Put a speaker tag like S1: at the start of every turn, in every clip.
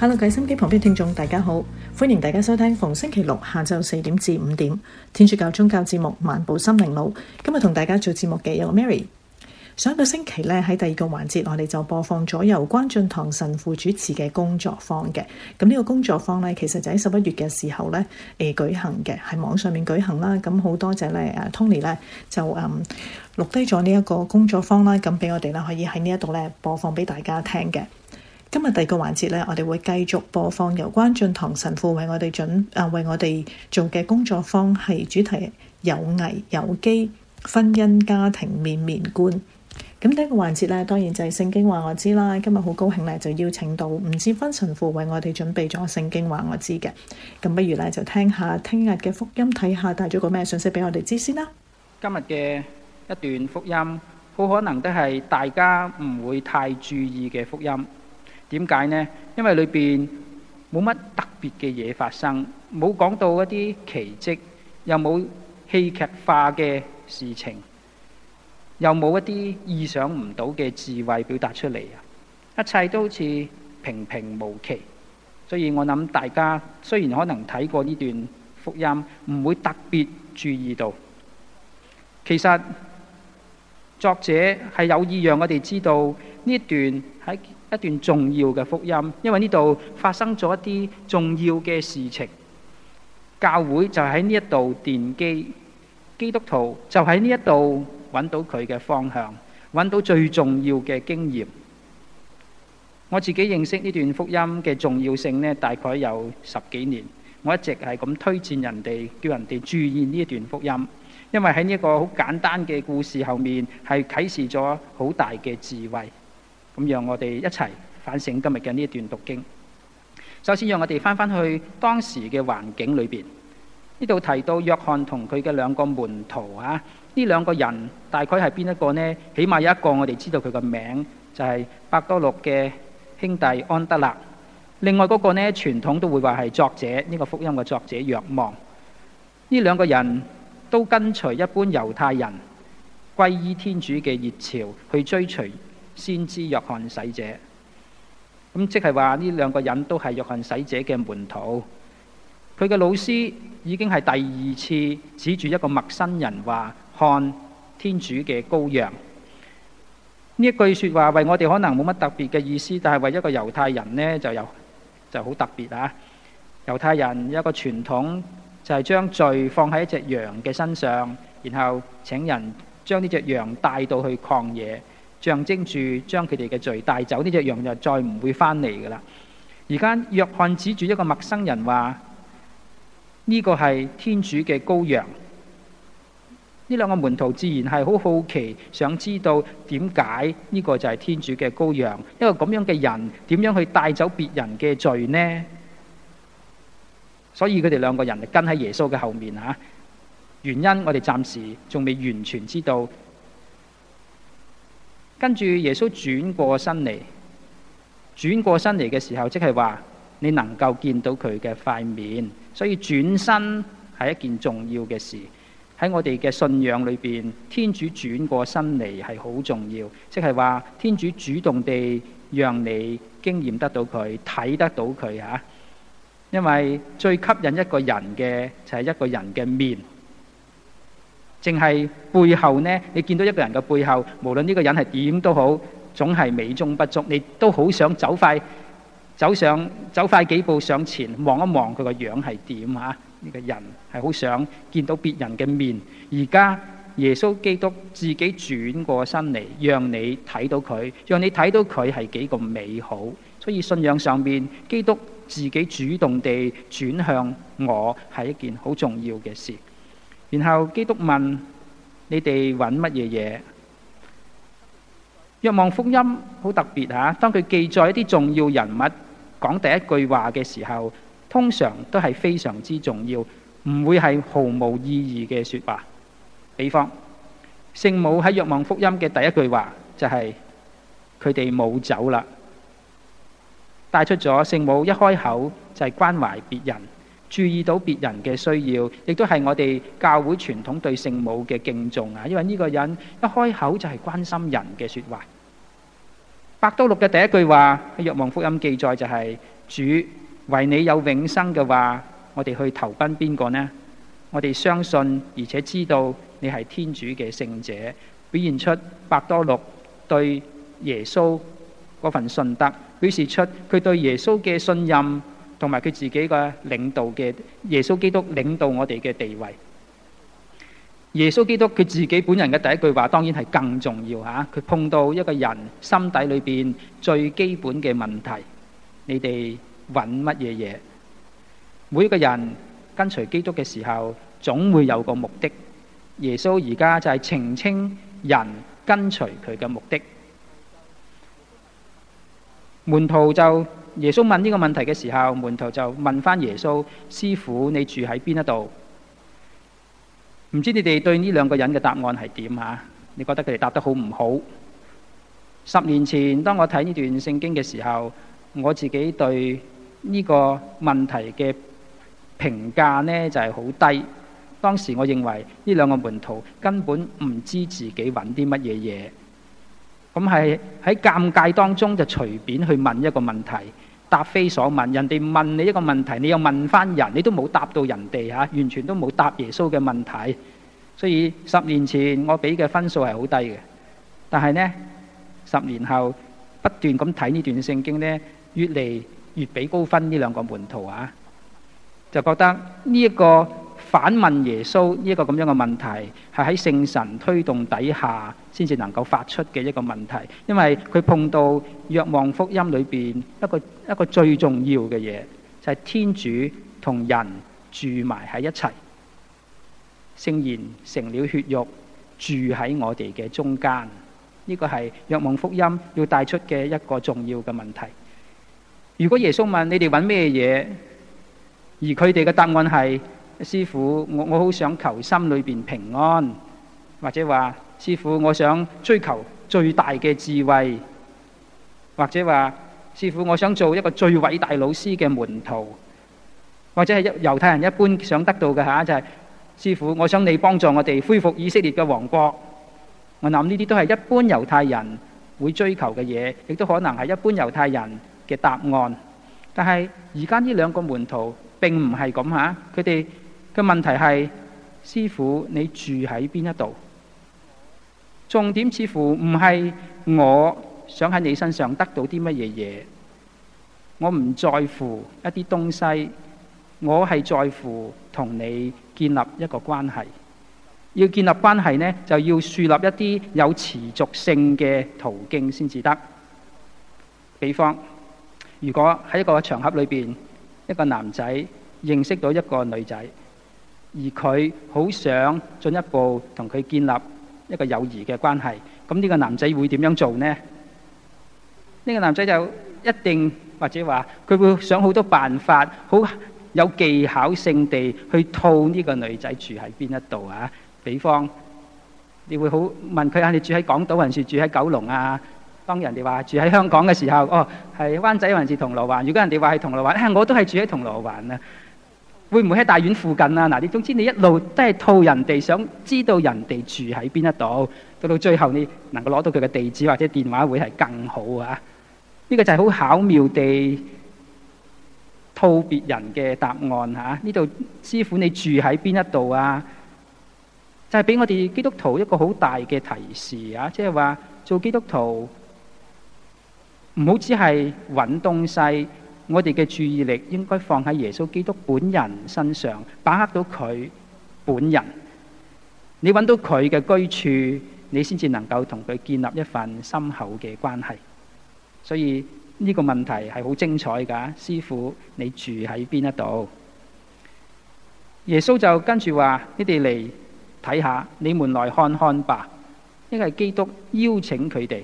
S1: 哈嘍，計心機旁邊的聽眾，大家好，歡迎大家收聽逢星期六下晝四點至五點天主教宗教節目漫步心靈路。今日同大家做節目嘅有個 Mary。上一個星期咧喺第二個環節，我哋就播放咗由關進堂神父主持嘅工作坊嘅。咁呢個工作坊咧，其實就喺十一月嘅時候咧誒、呃、舉行嘅，喺網上面舉行啦。咁好多謝咧誒、啊、Tony 咧就誒錄低咗呢一個工作坊啦，咁俾我哋咧可以喺呢一度咧播放俾大家聽嘅。今日第二個環節呢，我哋會繼續播放有關進堂神父為我哋準啊，為我哋做嘅工作方式主題，有危、有機婚姻家庭面面觀。咁第一個環節呢，當然就係聖經話我知啦。今日好高興呢，就邀請到吳志芬神父為我哋準備咗聖經話我知嘅。咁不如呢，就聽下聽日嘅福音，睇下帶咗個咩信息俾我哋知先啦。
S2: 今日嘅一段福音，好可能都係大家唔會太注意嘅福音。點解呢？因為裏邊冇乜特別嘅嘢發生，冇講到一啲奇蹟，又冇戲劇化嘅事情，又冇一啲意想唔到嘅智慧表達出嚟啊。一切都好似平平無奇，所以我諗大家雖然可能睇過呢段福音，唔會特別注意到，其實作者係有意讓我哋知道呢段喺一段重要嘅福音，因為呢度發生咗一啲重要嘅事情，教會就喺呢一度奠基，基督徒就喺呢一度揾到佢嘅方向，揾到最重要嘅經驗。我自己認識呢段福音嘅重要性呢，大概有十幾年，我一直係咁推薦人哋，叫人哋注意呢一段福音，因為喺呢一個好簡單嘅故事後面，係啟示咗好大嘅智慧。咁讓我哋一齊反省今日嘅呢一段讀經。首先，讓我哋翻返去當時嘅環境裏邊，呢度提到約翰同佢嘅兩個門徒啊，呢兩個人大概係邊一個呢？起碼有一個我哋知道佢個名，就係伯多祿嘅兄弟安德肋。另外嗰個呢，傳統都會話係作者，呢個福音嘅作者若望。呢兩個人都跟隨一般猶太人歸依天主嘅熱潮去追隨先知約翰洗者，咁即係話呢兩個人都係約翰洗者嘅門徒。佢嘅老師已經係第二次指住一個陌生人話看天主嘅羔羊。呢一句說話為我哋可能冇乜特別嘅意思，但係為一個猶太人呢就有就好特別啊！猶太人有一個傳統就係將罪放喺一隻羊嘅身上，然後請人將呢隻羊帶到去曠野。象徵住將佢哋嘅罪帶走，呢隻羊就再唔會翻嚟噶啦。而家約翰指住一個陌生人話：呢個係天主嘅羔羊。呢兩個門徒自然係好好奇，想知道點解呢個就係天主嘅羔羊，一個咁樣嘅人點樣去帶走別人嘅罪呢？所以佢哋兩個人跟喺耶穌嘅後面吓，原因我哋暫時仲未完全知道。跟住耶穌轉過身嚟，轉過身嚟嘅時候，即係話你能夠見到佢嘅塊面，所以轉身係一件重要嘅事。喺我哋嘅信仰裏邊，天主轉過身嚟係好重要，即係話天主主動地讓你經驗得到佢，睇得到佢啊！因為最吸引一個人嘅就係一個人嘅面。淨係背後呢，你見到一個人嘅背後，無論呢個人係點都好，總係美中不足。你都好想走快，走上走快幾步上前望一望佢個樣係點吓？呢、這個人係好想見到別人嘅面。而家耶穌基督自己轉過身嚟，讓你睇到佢，讓你睇到佢係幾咁美好。所以信仰上面，基督自己主動地轉向我，係一件好重要嘅事。然後基督問你哋揾乜嘢嘢？若望福音好特別吓，當佢記載一啲重要人物講第一句話嘅時候，通常都係非常之重要，唔會係毫無意義嘅說話。比方，聖母喺若望福音嘅第一句話就係佢哋冇走啦，帶出咗聖母一開口就係關懷別人。注意到別人嘅需要，亦都係我哋教會傳統對聖母嘅敬重啊！因為呢個人一開口就係關心人嘅說話。伯多祿嘅第一句話喺《若望福音》記載就係、是：主為你有永生嘅話，我哋去投奔邊個呢？我哋相信而且知道你係天主嘅聖者，表現出伯多祿對耶穌嗰份信德，表示出佢對耶穌嘅信任。同埋佢自己個領導嘅耶穌基督領導我哋嘅地位，耶穌基督佢自己本人嘅第一句話，當然係更重要吓。佢碰到一個人心底裏邊最基本嘅問題，你哋揾乜嘢嘢？每個人跟隨基督嘅時候，總會有個目的。耶穌而家就係澄清人跟隨佢嘅目的。門徒就。耶穌問呢個問題嘅時候，門徒就問翻耶穌：師傅，你住喺邊一度？唔知你哋對呢兩個人嘅答案係點啊？你覺得佢哋答得好唔好？十年前當我睇呢段聖經嘅時候，我自己對呢個問題嘅評價呢就係好低。當時我認為呢兩個門徒根本唔知自己揾啲乜嘢嘢。咁係喺尷尬當中就隨便去問一個問題，答非所問。人哋問你一個問題，你又問翻人，你都冇答到人哋吓，完全都冇答耶穌嘅問題。所以十年前我俾嘅分數係好低嘅，但係呢十年後不斷咁睇呢段聖經咧，越嚟越俾高分呢兩個門徒啊，就覺得呢一個。反問耶穌呢個咁樣嘅問題，係喺聖神推動底下先至能夠發出嘅一個問題，因為佢碰到若望福音裏邊一個一個最重要嘅嘢，就係、是、天主同人住埋喺一齊，聖言成了血肉住喺我哋嘅中間，呢、這個係若望福音要帶出嘅一個重要嘅問題。如果耶穌問你哋揾咩嘢，而佢哋嘅答案係，師父，我我好想求心裏面平安，或者話師父，我想追求最大嘅智慧，或者話師父，我想做一個最偉大老師嘅門徒，或者係一猶太人一般想得到嘅吓就係、是、師父，我想你幫助我哋恢復以色列嘅王國。我諗呢啲都係一般猶太人會追求嘅嘢，亦都可能係一般猶太人嘅答案。但係而家呢兩個門徒並唔係咁吓，佢哋。嘅問題係，師傅你住喺邊一度？重點似乎唔係我想喺你身上得到啲乜嘢嘢，我唔在乎一啲東西，我係在乎同你建立一個關係。要建立關係呢，就要樹立一啲有持續性嘅途徑先至得。比方，如果喺一個場合裏面，一個男仔認識到一個女仔。而佢好想進一步同佢建立一個友誼嘅關係，咁呢個男仔會點樣做呢？呢個男仔就一定或者話，佢會想好多辦法，好有技巧性地去套呢個女仔住喺邊一度啊！比方，你會好問佢啊，你住喺港島還是住喺九龍啊？當人哋話住喺香港嘅時候，哦，係灣仔還是銅鑼灣？如果人哋話係銅鑼灣，我都係住喺銅鑼灣啊！會唔會喺大院附近啊？嗱，你總之你一路都係套人哋，想知道人哋住喺邊一度，到到最後你能夠攞到佢嘅地址或者電話，會係更好啊！呢、這個就係好巧妙地套別人嘅答案吓、啊。呢度師傅，你住喺邊一度啊？就係、是、俾我哋基督徒一個好大嘅提示啊！即係話做基督徒唔好只係揾東西。我哋嘅注意力應該放喺耶穌基督本人身上，把握到佢本人。你揾到佢嘅居處，你先至能夠同佢建立一份深厚嘅關係。所以呢個問題係好精彩㗎，師傅，你住喺邊一度？耶穌就跟住話：你哋嚟睇下，你們來看看，來看，看吧。呢個係基督邀請佢哋。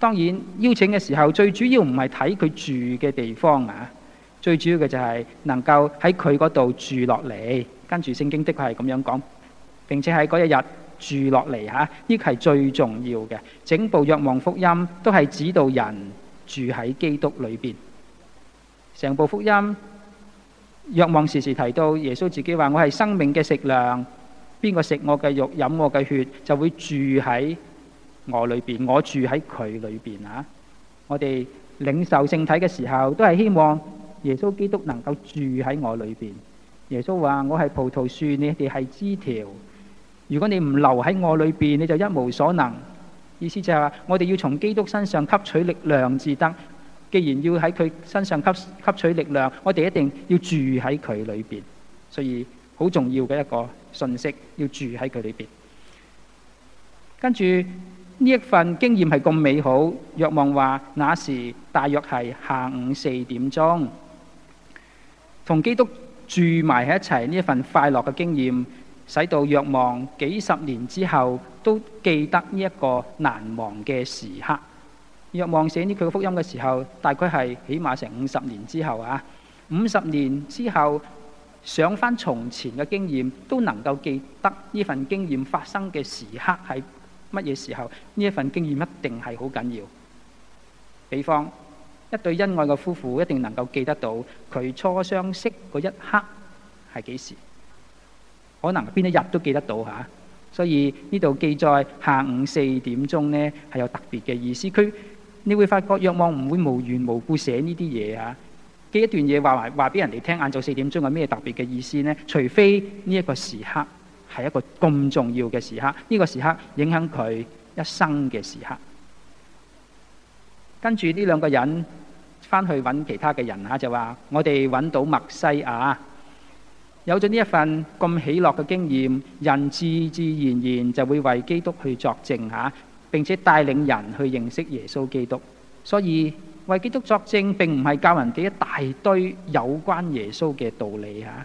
S2: 當然邀請嘅時候，最主要唔係睇佢住嘅地方啊，最主要嘅就係能夠喺佢嗰度住落嚟，跟住聖經的確係咁樣講，並且喺嗰一日住落嚟吓，呢個係最重要嘅。整部若望福音都係指導人住喺基督裏邊，成部福音若望時時提到耶穌自己話：我係生命嘅食糧，邊個食我嘅肉、飲我嘅血，就會住喺。我裏邊，我住喺佢裏邊啊！我哋領受聖體嘅時候，都係希望耶穌基督能夠住喺我裏邊。耶穌話：我係葡萄樹，你哋係枝條。如果你唔留喺我裏邊，你就一無所能。意思就係話，我哋要從基督身上吸取力量至得。既然要喺佢身上吸吸取力量，我哋一定要住喺佢裏邊。所以好重要嘅一個信息，要住喺佢裏邊。跟住。呢一份經驗係咁美好，若望話，那時大約係下午四點鐘，同基督住埋喺一齊，呢一份快樂嘅經驗，使到若望幾十年之後都記得呢一個難忘嘅時刻。若望寫呢佢嘅福音嘅時候，大概係起碼成五十年之後啊，五十年之後想翻從前嘅經驗，都能夠記得呢份經驗發生嘅時刻係乜嘢時候呢一份經驗一定係好緊要？比方一對恩愛嘅夫婦一定能夠記得到佢初相識嗰一刻係幾時？可能邊一日都記得到嚇。所以呢度記載下午四點鐘呢係有特別嘅意思。佢你會發覺若望唔會無緣無故寫呢啲嘢啊。記一段嘢話話俾人哋聽，晏晝四點鐘係咩特別嘅意思呢？除非呢一個時刻。係一個咁重要嘅時刻，呢、這個時刻影響佢一生嘅時刻。跟住呢兩個人翻去揾其他嘅人吓，就話我哋揾到彌賽亞。有咗呢一份咁喜樂嘅經驗，人自，自然而然就會為基督去作證吓，並且帶領人去認識耶穌基督。所以為基督作證，並唔係教人哋一大堆有關耶穌嘅道理吓。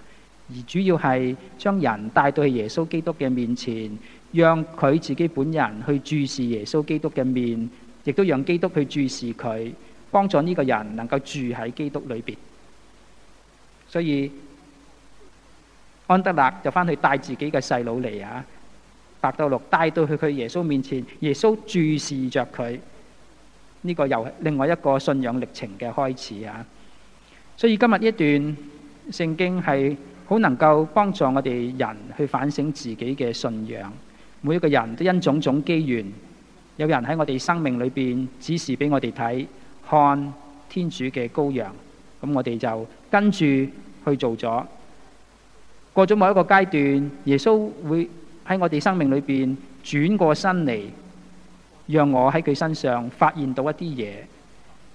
S2: 而主要係將人帶到去耶穌基督嘅面前，讓佢自己本人去注視耶穌基督嘅面，亦都讓基督去注視佢，幫助呢個人能夠住喺基督裏邊。所以安德勒就返去帶自己嘅細佬嚟啊，彼得嚟帶到他去佢耶穌面前，耶穌注視着佢，呢、呢個又係另外一個信仰歷程嘅開始啊。所以今日呢段聖經係。好能夠幫助我哋人去反省自己嘅信仰。每一個人都因種種機緣，有人喺我哋生命裏邊指示俾我哋睇，看看天主嘅羔羊，咁我哋就跟住去做咗。過咗某一個階段，耶穌會喺我哋生命裏邊轉過身嚟，讓我喺佢身上發現到一啲嘢，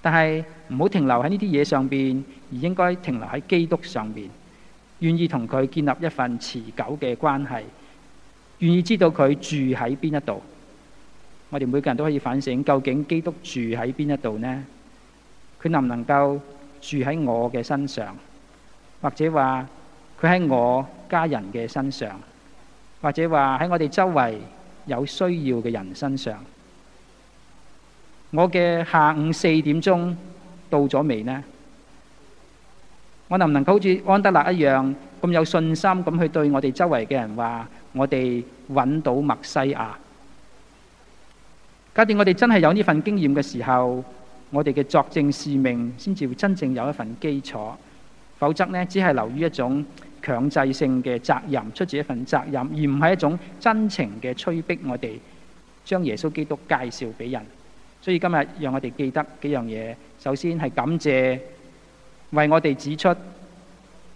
S2: 但係唔好停留喺呢啲嘢上邊，而應該停留喺基督上邊。願意同佢建立一份持久嘅關係，願意知道佢住喺邊一度。我哋每個人都可以反省，究竟基督住喺邊一度呢？佢能唔能夠住喺我嘅身上？或者話佢喺我家人嘅身上？或者話喺我哋周圍有需要嘅人身上？我嘅下午四點鐘到咗未呢？我能唔能夠好似安德肋一樣咁有信心，咁去對我哋周圍嘅人話，我哋揾到默西亞？假定我哋真係有呢份經驗嘅時候，我哋嘅作證使命先至會真正有一份基礎。否則呢，只係留於一種強制性嘅責任，出自一份責任，而唔係一種真情嘅催逼我哋將耶穌基督介紹俾人。所以今日讓我哋記得幾樣嘢，首先係感謝。為我哋指出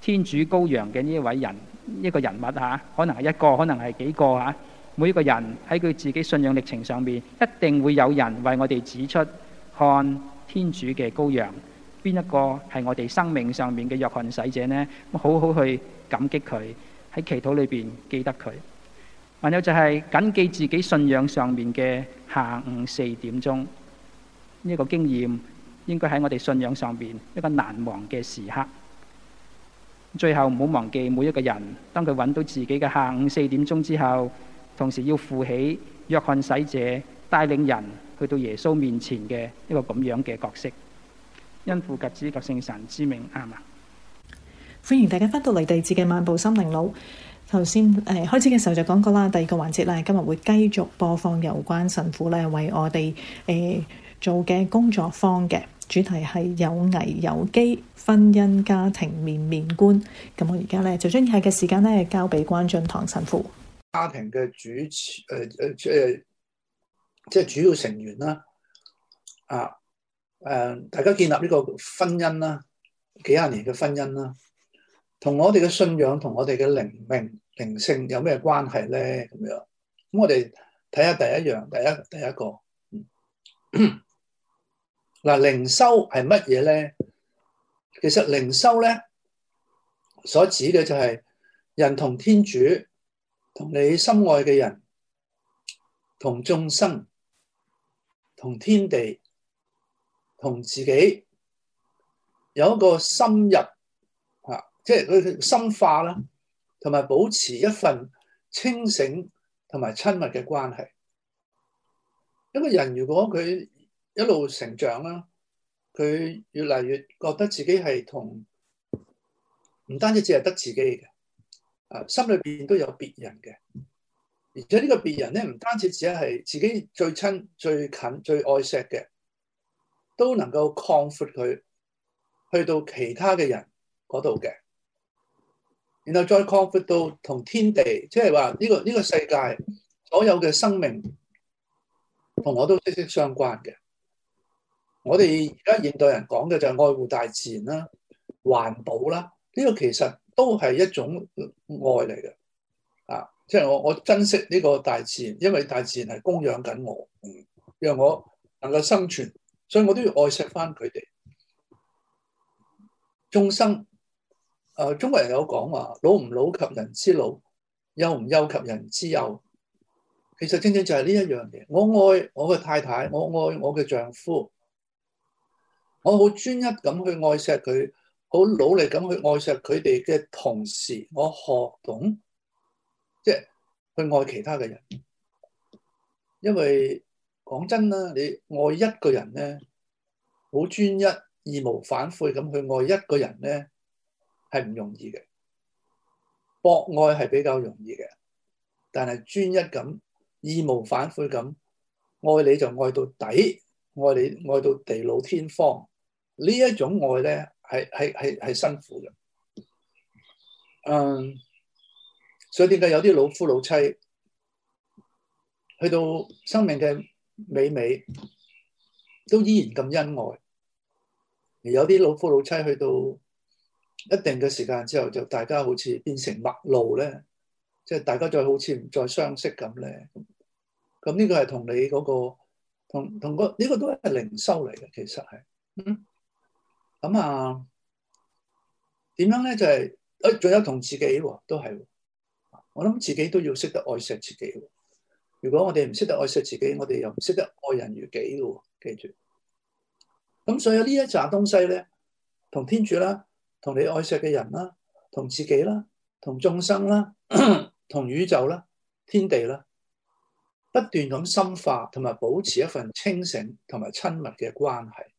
S2: 天主羔羊嘅呢一位人，一、這個人物吓、啊，可能係一個，可能係幾個吓、啊。每一個人喺佢自己信仰歷程上面，一定會有人為我哋指出，看天主嘅羔羊邊一個係我哋生命上面嘅約翰洗者呢？好好去感激佢，喺祈禱裏邊記得佢。還有就係謹記自己信仰上面嘅下午四點鐘呢、這個經驗。應該喺我哋信仰上面一個難忘嘅時刻。最後唔好忘記每一個人，當佢揾到自己嘅下午四點鐘之後，同時要負起若翰洗者帶領人去到耶穌面前嘅一個咁樣嘅角色，因父及子及聖神之名，啱嘛？
S1: 歡迎大家返到嚟地址嘅漫步心靈路。頭先誒開始嘅時候就講過啦，第二個環節咧今日會繼續播放有關神父咧為我哋誒、呃、做嘅工作坊嘅。主題係有危有機，婚姻家庭面面觀。咁我而家咧就將以下嘅時間咧交俾關俊棠神父。
S3: 家庭嘅主持誒誒即係即係主要成員啦。啊誒、呃，大家建立呢個婚姻啦，幾廿年嘅婚姻啦，同我哋嘅信仰同我哋嘅靈命靈、靈性有咩關係咧？咁樣咁我哋睇下第一樣，第一第一個嗯。 嗱，靈修係乜嘢咧？其實靈修咧所指嘅就係人同天主、同你心愛嘅人、同眾生、同天地、同自己有一個深入吓，即係佢深化啦，同埋保持一份清醒同埋親密嘅關係。一個人如果佢，一路成長啦，佢越嚟越覺得自己係同唔單止只係得自己嘅，啊心裏邊都有別人嘅，而且呢個別人咧唔單止只係自己最親最近最愛錫嘅，都能夠擴闊佢去到其他嘅人嗰度嘅，然後再擴闊到同天地，即係話呢個呢個世界所有嘅生命同我都息息相關嘅。我哋而家現代人講嘅就係愛護大自然啦、環保啦，呢個其實都係一種愛嚟嘅啊！即係我我珍惜呢個大自然，因為大自然係供養緊我，嗯，讓我能夠生存，所以我都要愛惜返佢哋眾生。啊，中國人有講話：「老唔老及人之老，幼唔幼及人之幼。」其實正正就係呢一樣嘢。我愛我嘅太太，我愛我嘅丈夫。我好專一咁去愛錫佢，好努力咁去愛錫佢哋嘅同時，我學懂即係去愛其他嘅人。因為講真啦，你愛一個人咧，好專一、義無反悔咁去愛一個人咧，係唔容易嘅。博愛係比較容易嘅，但係專一咁、義無反悔咁，愛你就愛到底，愛你愛到地老天荒。呢一種愛咧，係係係係辛苦嘅，嗯、um，所以點解有啲老夫老妻去到生命嘅尾尾都依然咁恩愛；而有啲老夫老妻去到一定嘅時間之後，就大家好似變成陌路咧，即、就、係、是、大家再好似唔再相識咁咧。咁呢個係同你嗰、那個同同、那個呢、這個都係靈修嚟嘅，其實係。咁啊，點樣咧？就係、是、誒，仲、哎、有同自己喎、哦，都係、哦。我諗自己都要識得愛惜自己、哦。如果我哋唔識得愛惜自己，我哋又唔識得愛人如己喎、哦。記住，咁所以呢一紮東西咧，同天主啦，同你愛惜嘅人啦，同自己啦，同眾生啦，同 宇宙啦，天地啦，不斷咁深化同埋保持一份清醒同埋親密嘅關係。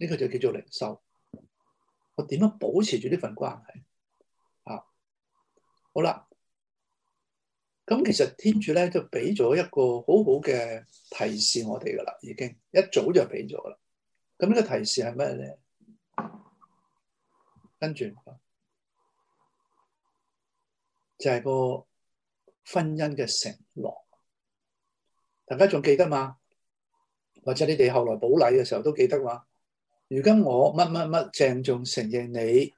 S3: 呢個就叫做靈修。我點樣保持住呢份關係啊？好啦，咁其實天主咧就俾咗一個好好嘅提示我哋噶啦，已經一早就俾咗啦。咁呢個提示係咩咧？跟住就係個婚姻嘅承諾。大家仲記得嘛？或者你哋後來補禮嘅時候都記得嘛？如今我乜乜乜鄭重承認你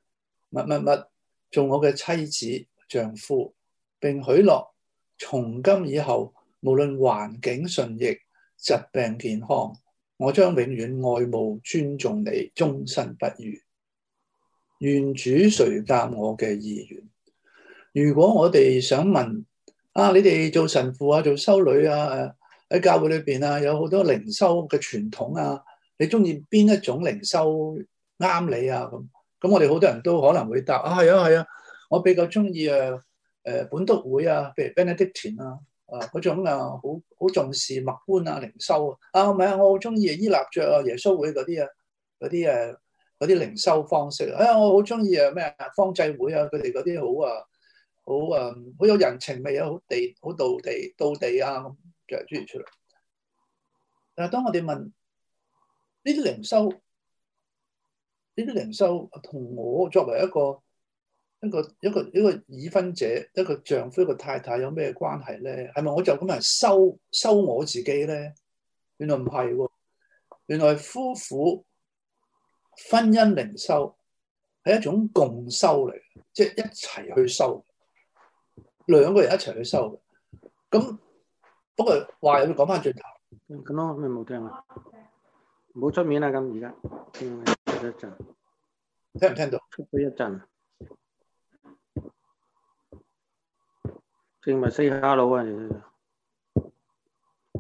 S3: 乜乜乜做我嘅妻子丈夫，並許諾從今以後無論環境順逆、疾病健康，我將永遠愛慕尊重你，終身不渝。願主垂鑒我嘅意願。如果我哋想問啊，你哋做神父啊，做修女啊，喺教會裏邊啊，有好多靈修嘅傳統啊。你中意邊一種靈修啱你啊？咁咁，我哋好多人都可能會答啊，係啊係啊，我比較中意誒誒本篤會啊，譬如 Benedictine 啊，啊嗰種啊好好重視默觀啊靈修啊，啊唔係啊，我好中意啊伊納爵啊耶穌會嗰啲啊嗰啲誒嗰啲靈修方式啊，哎呀，我好中意啊咩、啊、方濟會啊佢哋嗰啲好啊好啊好有人情味啊，好地好道地道地啊咁就出現出嚟。但、啊、係當我哋問。呢啲靈修，呢啲靈修同我作為一個一個一個一個已婚者，一個丈夫一個太太有咩關係咧？係咪我就咁嚟修修我自己咧？原來唔係喎，原來夫婦婚姻靈修係一種共修嚟，即係一齊去修，兩個人一齊去修。咁不過話又要講翻轉頭，咁咯，你冇聽啊？唔好出面啦，咁而家休息一陣，聽唔聽到？休息一陣，正咪 say hello 啊！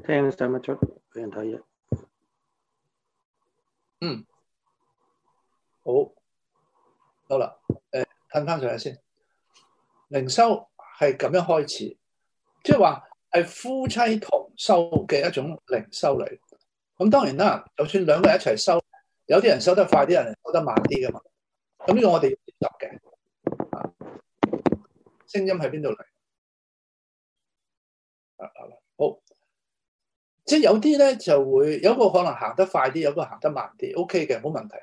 S3: 聽使乜出俾人睇啫，啊？嗯，好，得啦。誒、呃，睇翻上嚟先，靈修係咁樣開始，即係話係夫妻同修嘅一種靈修嚟。咁當然啦，就算兩個人一齊收，有啲人收得快，啲人，人收得慢啲嘅嘛。咁呢個我哋要接納嘅。啊，聲音喺邊度嚟？好。即係有啲咧就會有一個可能行得快啲，有一個行得慢啲。O K 嘅，冇問題。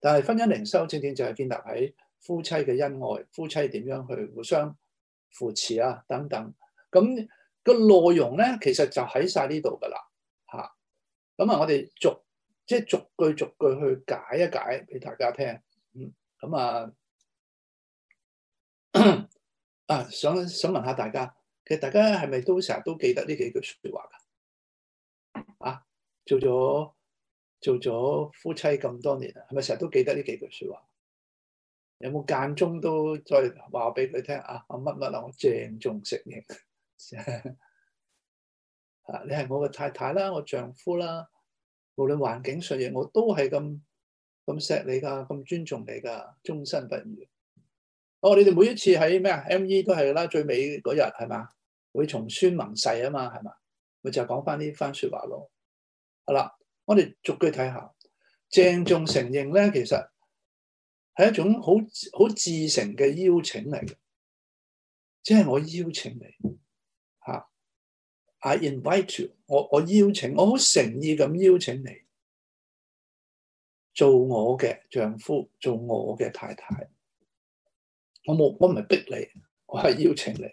S3: 但係婚姻靈修正正就係建立喺夫妻嘅恩愛，夫妻點樣去互相扶持啊，等等。咁個內容咧，其實就喺晒呢度㗎啦。咁啊，我哋逐即係、就是、逐句逐句去解一解俾大家聽。嗯，咁啊 啊，想想問下大家，其實大家係咪都成日都記得呢幾句説話㗎？啊，做咗做咗夫妻咁多年啊，係咪成日都記得呢幾句説話？有冇間中都再話我俾佢聽啊？我乜乜啊？我鄭重承認。 啊！你係我嘅太太啦，我丈夫啦。無論環境上亦我都係咁咁錫你㗎，咁尊重你㗎，終身不渝。哦，你哋每一次喺咩啊？ME 都係啦，最尾嗰日係嘛？會從宣盟誓啊嘛係嘛？咪就係講翻呢番説話咯。好啦，我哋逐句睇下。鄭重承認咧，其實係一種好好至誠嘅邀請嚟，嘅，即係我邀請你。I invite you 我，我邀請，我好誠意咁邀請你做我嘅丈夫，做我嘅太太。我冇，我唔係逼你，我係邀請你，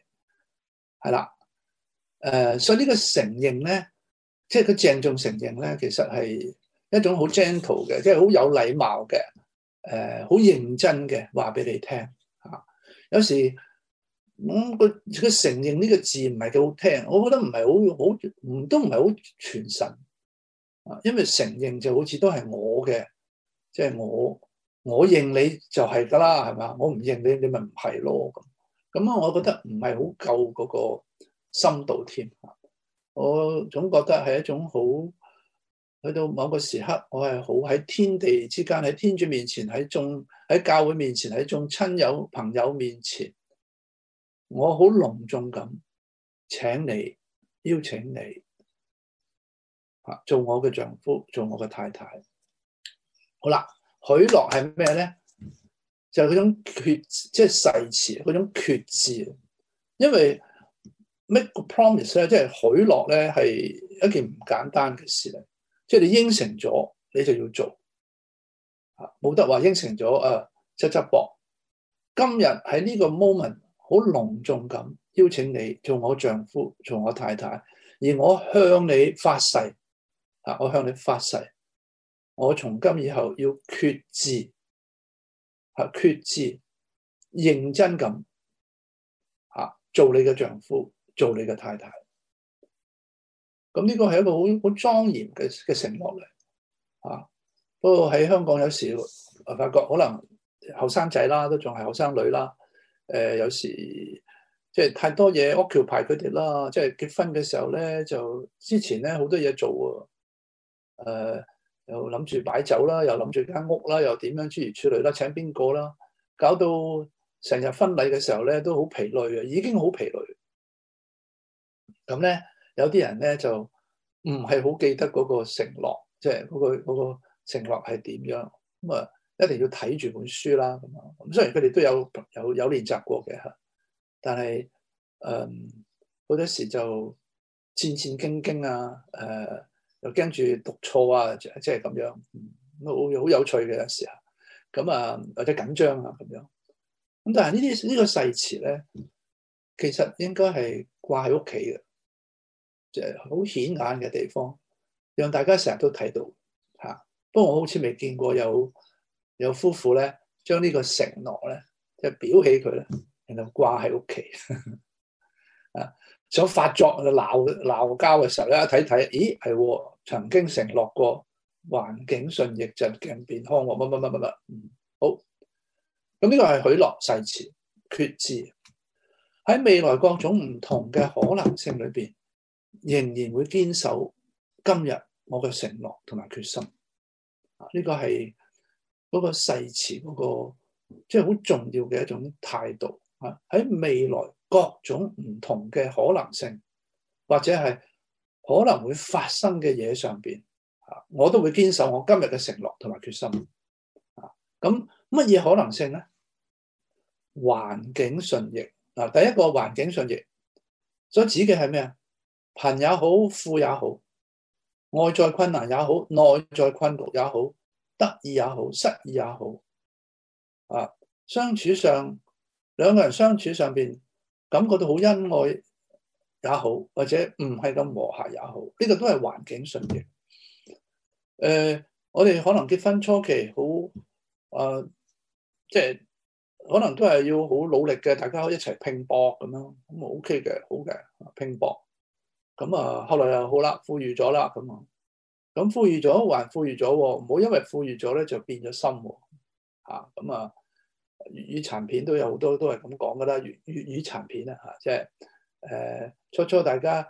S3: 係啦。誒，所以呢個承認咧，即係佢鄭重承認咧，其實係一種好 gentle 嘅，即係好有禮貌嘅，誒，好認真嘅話俾你聽。吓，有時。我佢佢承認呢個字唔係幾好聽，我覺得唔係好好，都唔係好全神啊。因為承認就好似都係我嘅，即係我我認你就係噶啦，係嘛？我唔認你，你咪唔係咯咁咁啊？我覺得唔係好夠嗰個深度添。我總覺得係一種好去到某個時刻，我係好喺天地之間，喺天主面前，喺眾喺教會面前，喺眾親友朋友面前。我好隆重咁請你邀請你做我嘅丈夫，做我嘅太太。好啦，許諾係咩咧？就係嗰種決，即係誓詞嗰種決志。因為 make a promise 咧，即係許諾咧，係一件唔簡單嘅事咧。即係你應承咗，你就要做，冇得話應承咗啊，即即博。今日喺呢個 moment。好隆重咁邀請你做我丈夫，做我太太，而我向你發誓，啊，我向你發誓，我從今以後要決志，嚇決志，認真咁嚇做你嘅丈夫，做你嘅太太。咁呢個係一個好好莊嚴嘅嘅承諾嚟，啊！不過喺香港有時發覺可能後生仔啦，都仲係後生女啦。誒、呃，有時即係、就是、太多嘢，occupy 佢哋啦，即、就、係、是、結婚嘅時候咧，就之前咧好多嘢做啊，誒、呃，又諗住擺酒啦，又諗住間屋啦，又點樣諸如此類啦，請邊個啦，搞到成日婚禮嘅時候咧都好疲累啊，已經好疲累。咁咧，有啲人咧就唔係好記得嗰個承諾，即係嗰個、那個那個承諾係點樣咁啊。一定要睇住本書啦，咁樣咁雖然佢哋都有有有練習過嘅嚇，但係誒好多時就戰戰兢兢啊，誒又驚住讀錯啊，即係咁樣，好、嗯、好有趣嘅有時候，咁啊或者緊張啊咁樣，咁但係呢啲呢個誓詞咧，其實應該係掛喺屋企嘅，即係好顯眼嘅地方，讓大家成日都睇到嚇、啊。不過我好似未見過有。有夫婦咧，將呢個承諾咧，即係裱起佢咧，然後掛喺屋企啊！想 發作鬧鬧交嘅時候咧，睇睇咦係曾經承諾過環境順逆就健健康和乜乜乜乜乜，嗯好。咁呢個係許諾誓詞，決志喺未來各種唔同嘅可能性裏邊，仍然會堅守今日我嘅承諾同埋決心。啊呢個係。嗰個誓詞嗰、那個即係好重要嘅一種態度啊！喺未來各種唔同嘅可能性，或者係可能會發生嘅嘢上邊啊，我都會堅守我今日嘅承諾同埋決心啊！咁乜嘢可能性咧？環境順逆嗱，第一個環境順逆所指嘅係咩啊？貧也好，富也好，外在困難也好，內在困局也好。得意也好，失意也好，啊，相處上兩個人相處上邊，感覺到好恩愛也好，或者唔係咁和諧也好，呢個都係環境順境、呃。我哋可能結婚初期好，啊，即係可能都係要好努力嘅，大家一齊拼搏咁咯，咁 OK 嘅，好嘅，拼搏。咁啊，後來又好啦，富裕咗啦，咁啊。咁富裕咗，還富裕咗，唔好因為富裕咗咧就變咗心喎。咁啊，粵語殘片都有好多都係咁講㗎啦，粵粵語殘片啊嚇，即係誒初初大家誒、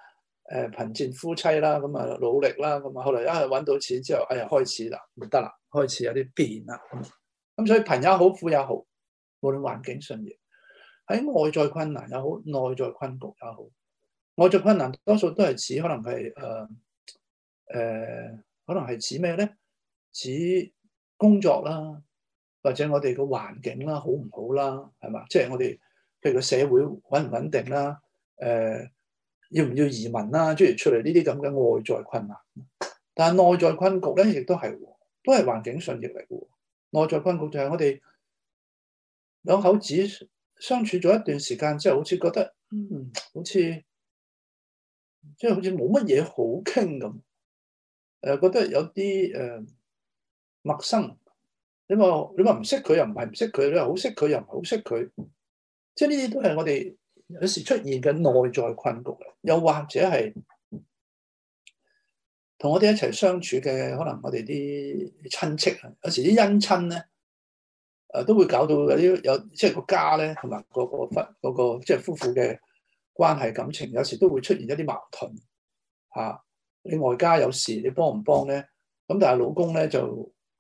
S3: 呃、貧賤夫妻啦，咁啊努力啦，咁啊後嚟一係揾到錢之後，哎呀開始啦唔得啦，開始有啲變啦。咁、啊、咁所以貧也好，富也好，無論環境順逆，喺外在困難也好，內在困局也，也好，外在困難多數都係指可能係誒。呃誒，可能係指咩咧？指工作啦，或者我哋個環境啦，好唔好啦，係嘛？即係我哋譬如個社會穩唔穩定啦？誒，要唔要移民啦？即係出嚟呢啲咁嘅外在困難。但係內在困局咧，亦都係，都係環境順逆嚟嘅。內在困局就係我哋兩口子相處咗一段時間，之後好似覺得，嗯，好似即係好似冇乜嘢好傾咁。誒覺得有啲誒陌生，你話你話唔識佢又唔係唔識佢咧，好識佢又唔係好識佢，即係呢啲都係我哋有時出現嘅內在困局啦。又或者係同我哋一齊相處嘅，可能我哋啲親戚啊，有時啲姻親咧，誒都會搞到有啲有，即係個家咧同埋嗰個婚嗰個即係夫婦嘅關係感情，有時都會出現一啲矛盾嚇。你外家有事，你幫唔幫咧？咁但係老公咧就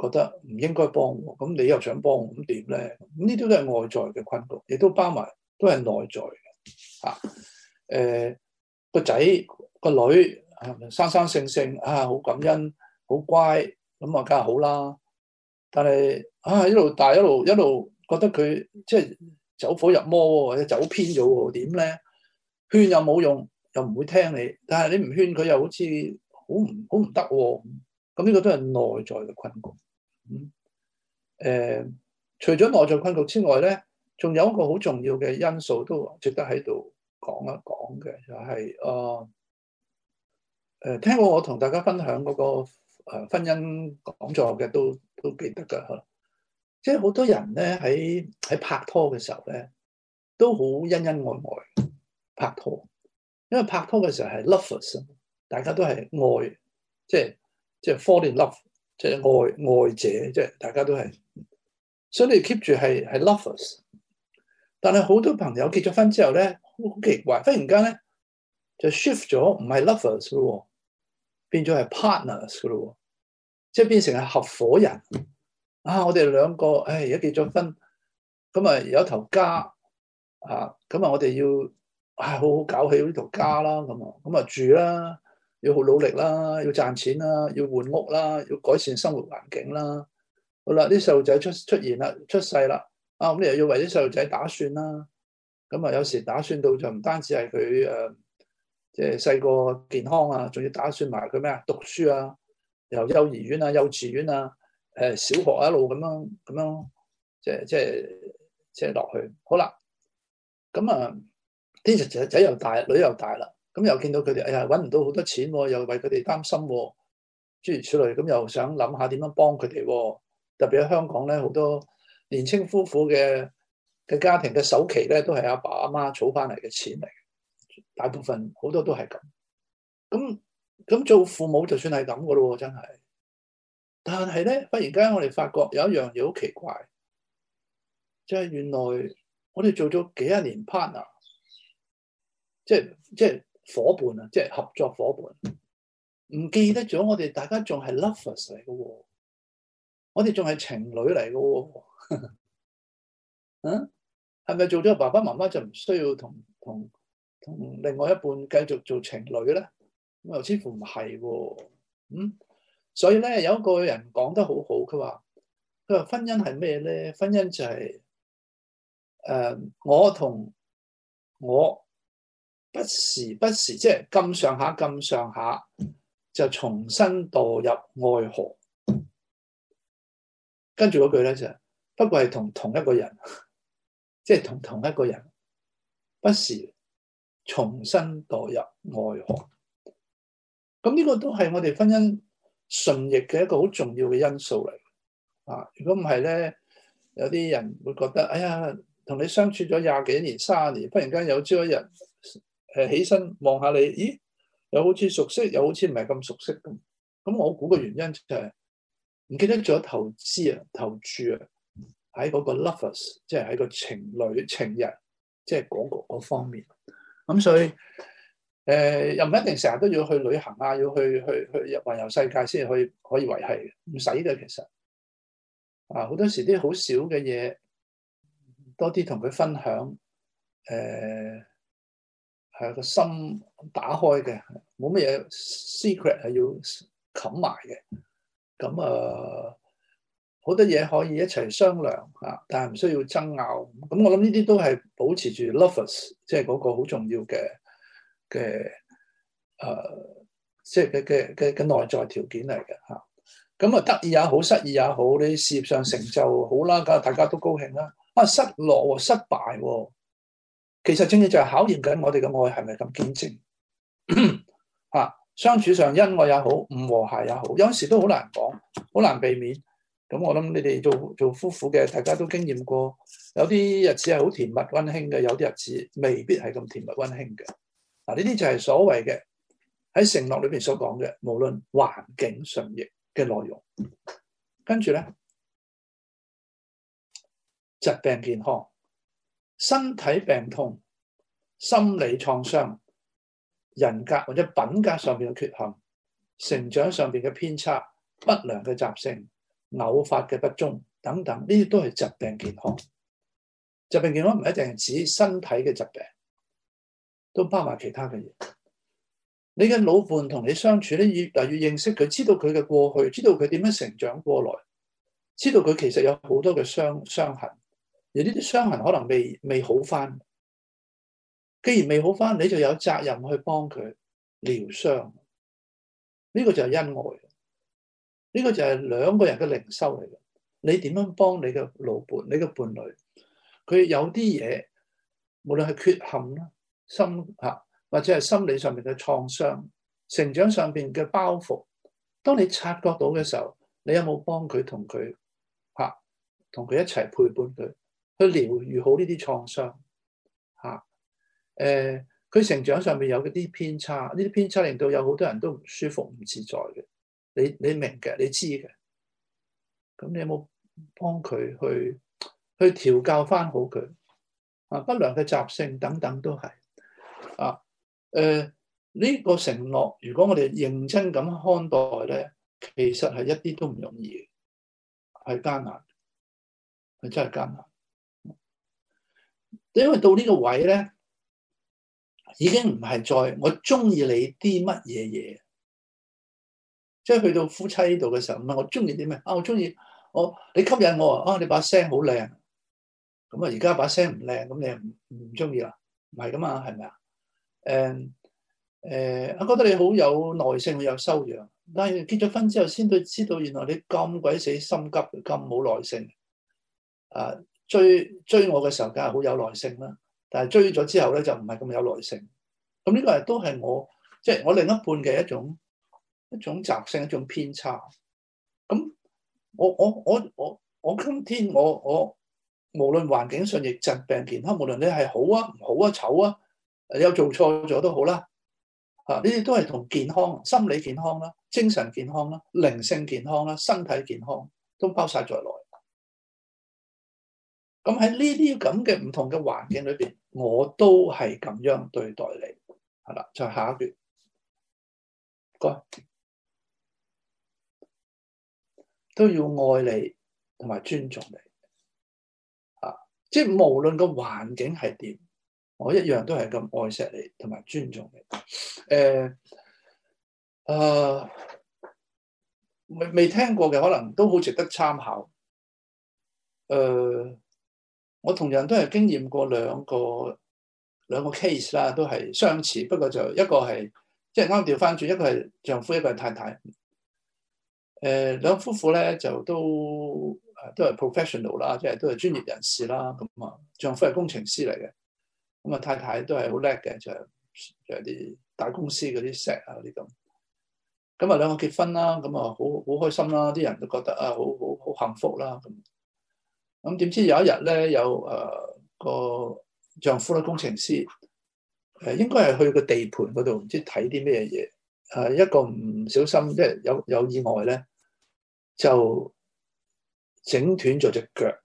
S3: 覺得唔應該幫喎。咁你又想幫我，咁點咧？咁呢啲都係外在嘅困局，亦都包埋都係內在嘅嚇。誒、啊呃、個仔個女生生性性啊，好感恩，好乖，咁啊，梗係好啦。但係啊，一路大一路一路覺得佢即係走火入魔，或者走偏咗喎，點咧勸又冇用。又唔會聽你，但係你唔勸佢，又好似好唔好唔得喎。咁呢個都係內在嘅困局。嗯，誒、呃，除咗內在困局之外咧，仲有一個好重要嘅因素都值得喺度講一講嘅，就係啊誒，聽過我同大家分享嗰個誒婚姻講座嘅，都都記得㗎嚇。即係好多人咧喺喺拍拖嘅時候咧，都好恩恩愛愛拍拖。因為拍拖嘅時候係 lovers，大家都係愛，即係即係 fall in love，即係愛愛者，即係大家都係，所以你 keep 住係係 lovers。但係好多朋友結咗婚之後咧，好奇怪，忽然間咧就 shift 咗，唔係 lovers 咯，變咗係 partners 噶咯,即係變成係合夥人。啊，我哋兩個，唉，而家結咗婚，咁啊有頭家啊，咁啊我哋要。唉、哎，好好搞起呢條家啦，咁啊，咁啊住啦，要好努力啦，要賺錢啦，要換屋啦，要改善生活環境啦。好啦，啲細路仔出出現啦，出世啦，啊，咁你又要為啲細路仔打算啦。咁啊，有時打算到就唔單止係佢誒，即係，細個健康啊，仲要打算埋佢咩啊？讀書啊，由幼兒園啊、幼稚園啊、誒小學一路咁樣咁樣，即係即係即係落去。好啦，咁啊。天神仔又大，女又大啦，咁又見到佢哋，哎呀，揾唔到好多錢、啊，又為佢哋擔心、啊，諸如此類，咁又想諗下點樣幫佢哋、啊。特別喺香港咧，好多年青夫婦嘅嘅家庭嘅首期咧，都係阿爸阿媽儲翻嚟嘅錢嚟，大部分好多都係咁。咁咁做父母就算係咁噶咯，真係。但係咧，忽然間我哋發覺有一樣嘢好奇怪，即係原來我哋做咗幾十年 partner。即係即係伙伴，即伴是是 啊！即係合作伙伴，唔記得咗我哋大家仲係 lovers 嚟嘅喎，我哋仲係情侶嚟嘅喎。嗯，係咪做咗爸爸媽媽就唔需要同同同另外一半繼續做情侶咧？咁又似乎唔係喎。嗯，所以咧，有一個人講得好好，佢話佢話，婚姻係咩咧？婚姻就係、是、誒、呃，我同我。不時不時，即係咁上下咁上下，就重新墮入愛河。跟住嗰句咧就係，不過係同同一個人，即係同同一個人，不時重新墮入愛河。咁呢個都係我哋婚姻順逆嘅一個好重要嘅因素嚟。啊，如果唔係咧，有啲人會覺得，哎呀，同你相處咗廿幾年、三十年，忽然間有朝一日。誒起身望下你，咦？又好似熟悉，又好似唔係咁熟悉咁。咁我估個原因就係、是、唔記得咗投資啊、投注啊，喺嗰個 lovers，即係喺個情侶、情人，即係嗰個嗰方面。咁所以誒、呃，又唔一定成日都要去旅行啊，要去去去環遊世界先至可以維係，唔使嘅其實。啊，好多時啲好少嘅嘢，多啲同佢分享誒。呃係個心打開嘅，冇乜嘢 secret 係要冚埋嘅。咁啊，好多嘢可以一齊商量嚇、啊，但係唔需要爭拗。咁我諗呢啲都係保持住 lovers 即係嗰個好重要嘅嘅誒，即係嘅嘅嘅內在條件嚟嘅嚇。咁啊得意也好，失意也好，呢啲事業上成就好啦，梗係大家都高興啦、啊。啊失落啊失敗喎、啊。其實正正就係考驗緊我哋嘅愛係咪咁堅貞，吓、 啊、相處上恩愛也好，唔和諧也好，有陣時都好難講，好難避免。咁我諗你哋做做夫婦嘅，大家都經驗過，有啲日子係好甜蜜溫馨嘅，有啲日子未必係咁甜蜜溫馨嘅。嗱、啊，呢啲就係所謂嘅喺承諾裏邊所講嘅，無論環境順逆嘅內容。跟住咧，疾病健康。身體病痛、心理創傷、人格或者品格上面嘅缺陷、成長上邊嘅偏差、不良嘅習性、偶發嘅不忠等等，呢啲都係疾病健康。疾病健康唔一定係指身體嘅疾病，都包埋其他嘅嘢。你嘅老伴同你相處咧，越嚟越認識佢，知道佢嘅過去，知道佢點樣成長過來，知道佢其實有好多嘅傷傷痕。有呢啲傷痕可能未未好翻，既然未好翻，你就有責任去幫佢療傷。呢個就係恩愛，呢個就係兩個人嘅靈修嚟嘅。你點樣幫你嘅老伴，你嘅伴侶？佢有啲嘢，無論係缺陷啦、心吓或者係心理上面嘅創傷、成長上邊嘅包袱。當你察覺到嘅時候，你有冇幫佢同佢吓同佢一齊陪伴佢？去療愈好呢啲創傷，吓、啊，誒、呃，佢成長上面有啲偏差，呢啲偏差令到有好多人都唔舒服、唔自在嘅。你你明嘅，你知嘅，咁你有冇幫佢去去調教翻好佢？啊，不良嘅習性等等都係，啊，誒、呃，呢、這個承諾，如果我哋認真咁看待咧，其實係一啲都唔容易，係艱難，係真係艱難。因為到呢個位咧，已經唔係再。我中意你啲乜嘢嘢，即係去到夫妻呢度嘅時候，唔係我中意啲咩啊？我中意我你吸引我啊！啊你把聲好靚，咁啊而家把聲唔靚，咁你唔唔中意啦？唔係噶嘛，係咪啊？誒誒、呃，我覺得你好有耐性，有修養，但係結咗婚之後先至知道，原來你咁鬼死心急，咁冇耐性啊！追追我嘅時候，梗係好有耐性啦。但係追咗之後咧，就唔係咁有耐性。咁呢個係都係我即係、就是、我另一半嘅一種一種習性，一種偏差。咁我我我我我今天我我無論環境上亦疾病健康，無論你係好啊、唔好啊、醜啊，你有做錯咗都好啦。啊，呢啲都係同健康、心理健康啦、精神健康啦、靈性健康啦、身體健康都包晒在內。咁喺呢啲咁嘅唔同嘅環境裏邊，我都係咁樣對待你，係啦。再、就是、下一段，唔該，都要愛你同埋尊重你，啊！即係無論個環境係點，我一樣都係咁愛錫你同埋尊重你。誒、呃，誒、呃，未未聽過嘅可能都好值得參考，誒、呃。我同樣都係經驗過兩個兩個 case 啦，都係相似，不過就一個係即係啱調翻轉，一個係丈夫，一個係太太。誒、呃，兩夫婦咧就都誒都係 professional 啦，即係都係專業人士啦。咁啊，丈夫係工程師嚟嘅，咁啊太太都係好叻嘅，就係、是、就係啲大公司嗰啲 set 啊嗰啲咁。咁啊，兩個結婚啦，咁啊好好開心啦，啲人都覺得啊好好好幸福啦咁。咁點知有一日咧，有誒個丈夫咧，工程師誒應該係去個地盤嗰度，唔知睇啲咩嘢。誒一個唔小心，即係有有意外咧，就整斷咗隻腳，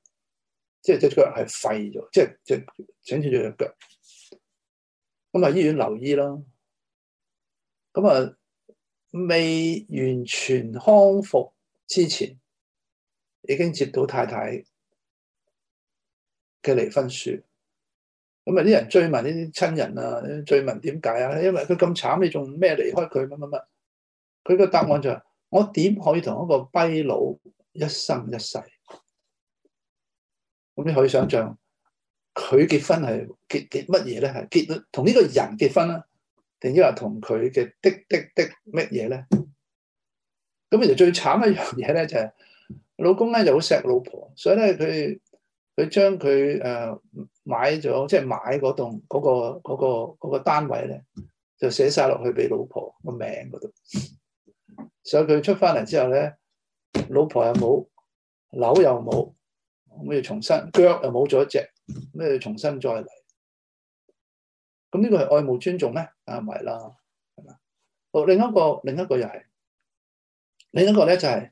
S3: 即係隻腳係廢咗，即係整斷咗隻腳。咁啊，醫院留醫啦。咁啊，未完全康復之前，已經接到太太嘅離婚書，咁啊啲人追問呢啲親人啊，追問點解啊？因為佢咁慘，你仲咩離開佢乜乜乜？佢個答案就係：我點可以同一個跛佬一生一世？咁你可以想象，佢結婚係結結乜嘢咧？係結同呢個人結婚啊，定抑或同佢嘅的的的乜嘢咧？咁其實最慘一樣嘢咧就係，老公咧就好錫老婆，所以咧佢。佢將佢誒買咗，即係買嗰棟嗰個嗰個嗰個單位咧，就寫晒落去俾老婆個名嗰度。所以佢出翻嚟之後咧，老婆又冇樓又冇，咁要重新腳又冇咗一隻，咁要重新再嚟。咁呢個係愛慕尊重咧？啊，唔係啦，係嘛？好，另一個另一個又係，另一個咧就係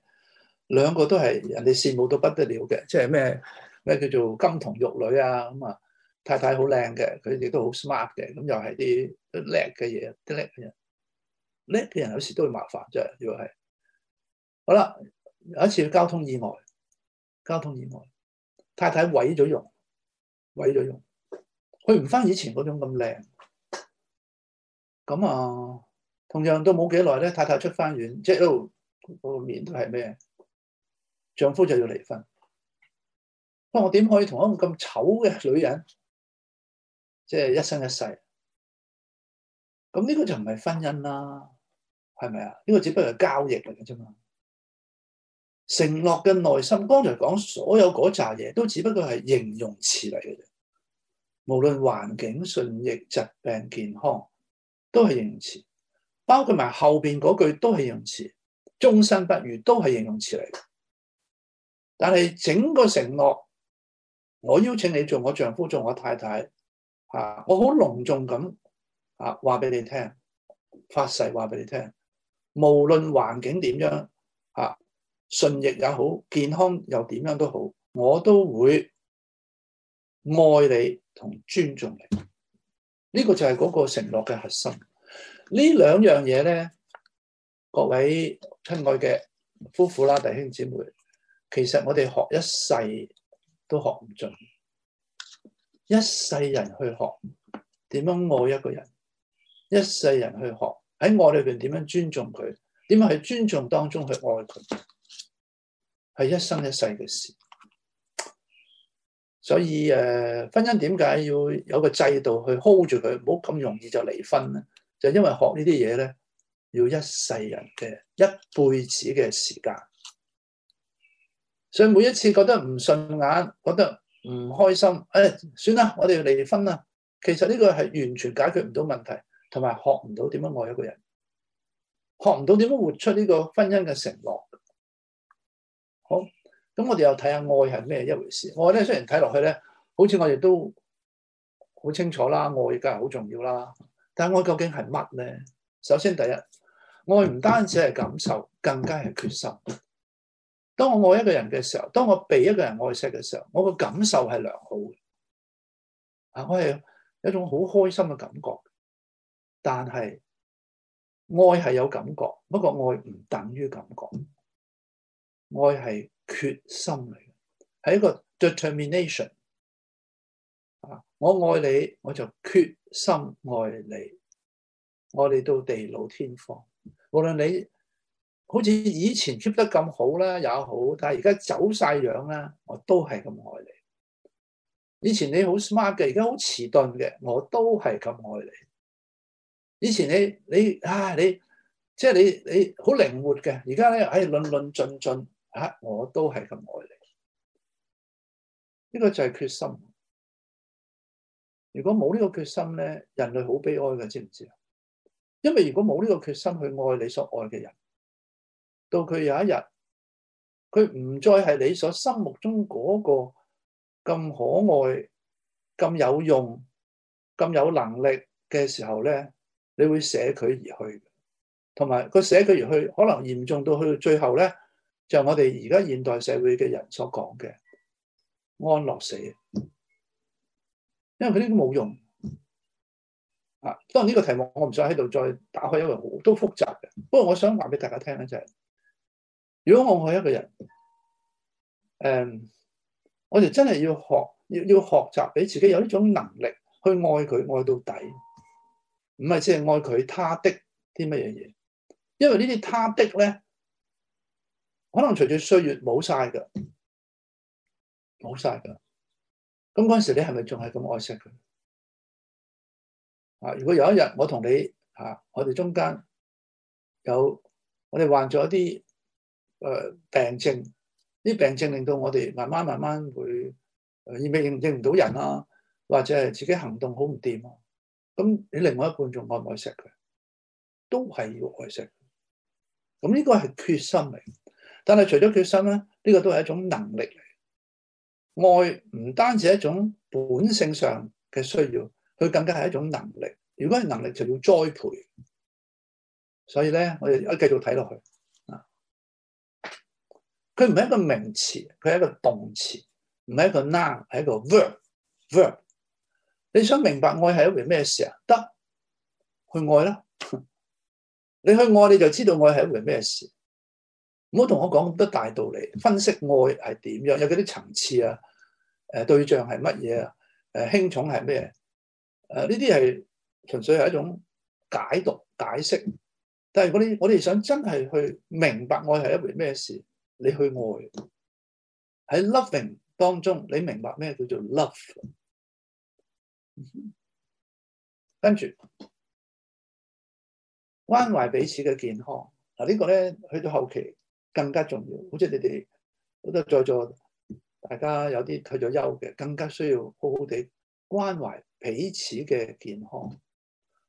S3: 兩個都係人哋羨慕到不得了嘅，即係咩？咩叫做金童玉女啊？咁啊，太太好靚嘅，佢亦都好 smart 嘅，咁又係啲叻嘅嘢、啲叻嘅人，叻嘅人有時都會麻煩，啫，如果係好啦，有一次交通意外，交通意外，太太毀咗容，毀咗容，佢唔翻以前嗰種咁靚，咁啊，同樣都冇幾耐咧，太太出翻院，即係都嗰個面都係咩？丈夫就要離婚。我點可以同一個咁醜嘅女人，即係一生一世？咁呢個就唔係婚姻啦，係咪啊？呢個只不過係交易嚟嘅啫嘛。承諾嘅內心，剛才講所有嗰扎嘢都只不過係形容詞嚟嘅啫。無論環境、順逆、疾病、健康，都係形容詞。包括埋後邊嗰句都係形容詞，終身不渝都係形容詞嚟。但係整個承諾。我邀請你做我丈夫，做我太太，我好隆重咁啊，話俾你聽，發誓話俾你聽，無論環境點樣，啊，順逆也好，健康又點樣都好，我都會愛你同尊重你。呢個就係嗰個承諾嘅核心。呢兩樣嘢咧，各位親愛嘅夫婦啦，弟兄姊妹，其實我哋學一世。都學唔盡，一世人去學點樣愛一個人，一世人去學喺愛裏邊點樣尊重佢，點樣喺尊重當中去愛佢，係一生一世嘅事。所以誒、啊，婚姻點解要有個制度去 hold 住佢，唔好咁容易就離婚咧？就因為學這些呢啲嘢咧，要一世人嘅一輩子嘅時間。所以每一次覺得唔順眼，覺得唔開心，誒、哎，算啦，我哋要離婚啦。其實呢個係完全解決唔到問題，同埋學唔到點樣愛一個人，學唔到點樣活出呢個婚姻嘅承諾。好，咁我哋又睇下愛係咩一回事。愛咧雖然睇落去咧，好似我亦都好清楚啦，愛梗係好重要啦。但係愛究竟係乜咧？首先第一，愛唔單止係感受，更加係決心。當我愛一個人嘅時候，當我被一個人愛錫嘅時候，我個感受係良好嘅，啊，我係有一種好開心嘅感覺。但係愛係有感覺，不過愛唔等於感覺，愛係決心嚟嘅，係一個 determination。啊，我愛你，我就決心愛你，我哋到地老天荒，無論你。好似以前 keep 得咁好啦，也好，但係而家走晒樣啦，我都係咁愛你。以前你好 smart 嘅，而家好遲鈍嘅，我都係咁愛你。以前你你啊你即係你你好靈活嘅，而家咧唉論論盡盡吓，我都係咁愛你。呢個就係決心。如果冇呢個決心咧，人類好悲哀嘅，知唔知啊？因為如果冇呢個決心去愛你所愛嘅人。到佢有一日，佢唔再係你所心目中嗰個咁可愛、咁有用、咁有能力嘅時候咧，你會捨佢而去，同埋佢捨佢而去，可能嚴重到去最後咧，就係、我哋而家現代社會嘅人所講嘅安樂死，因為佢啲冇用啊。當然呢個題目我唔想喺度再打開，因為都複雜嘅。不過我想話俾大家聽、就、咧、是，就係。如果我愛一個人，誒，我哋真係要學要要學習俾自己有呢種能力去愛佢，愛到底，唔係只係愛佢他，他的啲乜嘢嘢，因為呢啲他的咧，可能隨住歲月冇晒噶，冇晒噶，咁嗰時你係咪仲係咁愛惜佢？啊，如果有一日我同你啊，我哋中間有我哋患咗一啲。誒，病症呢病症令到我哋慢慢慢慢會認未認認唔到人啦、啊，或者係自己行動好唔掂啊。咁你另外一半仲愛唔愛錫佢？都係要愛錫。咁呢個係決心嚟，但係除咗決心咧，呢、這個都係一種能力嚟。愛唔單止係一種本性上嘅需要，佢更加係一種能力。如果係能力，就要栽培。所以咧，我哋一繼續睇落去。佢唔係一個名詞，佢係一個動詞，唔係一個 noun，係一個 verb。verb，你想明白愛係一回咩事啊？得，去愛啦。你去愛，你就知道愛係一回咩事。唔好同我講咁多大道理，分析愛係點樣，有幾啲層次啊？誒，對象係乜嘢啊？誒，輕重係咩？誒，呢啲係純粹係一種解讀、解釋。但係我哋我哋想真係去明白愛係一回咩事。你去愛喺 loving 當中，你明白咩叫做 love？跟、嗯、住關懷彼此嘅健康嗱，這個、呢個咧去到後期更加重要。好似你哋好得在座大家有啲退咗休嘅，更加需要好好地關懷彼此嘅健康，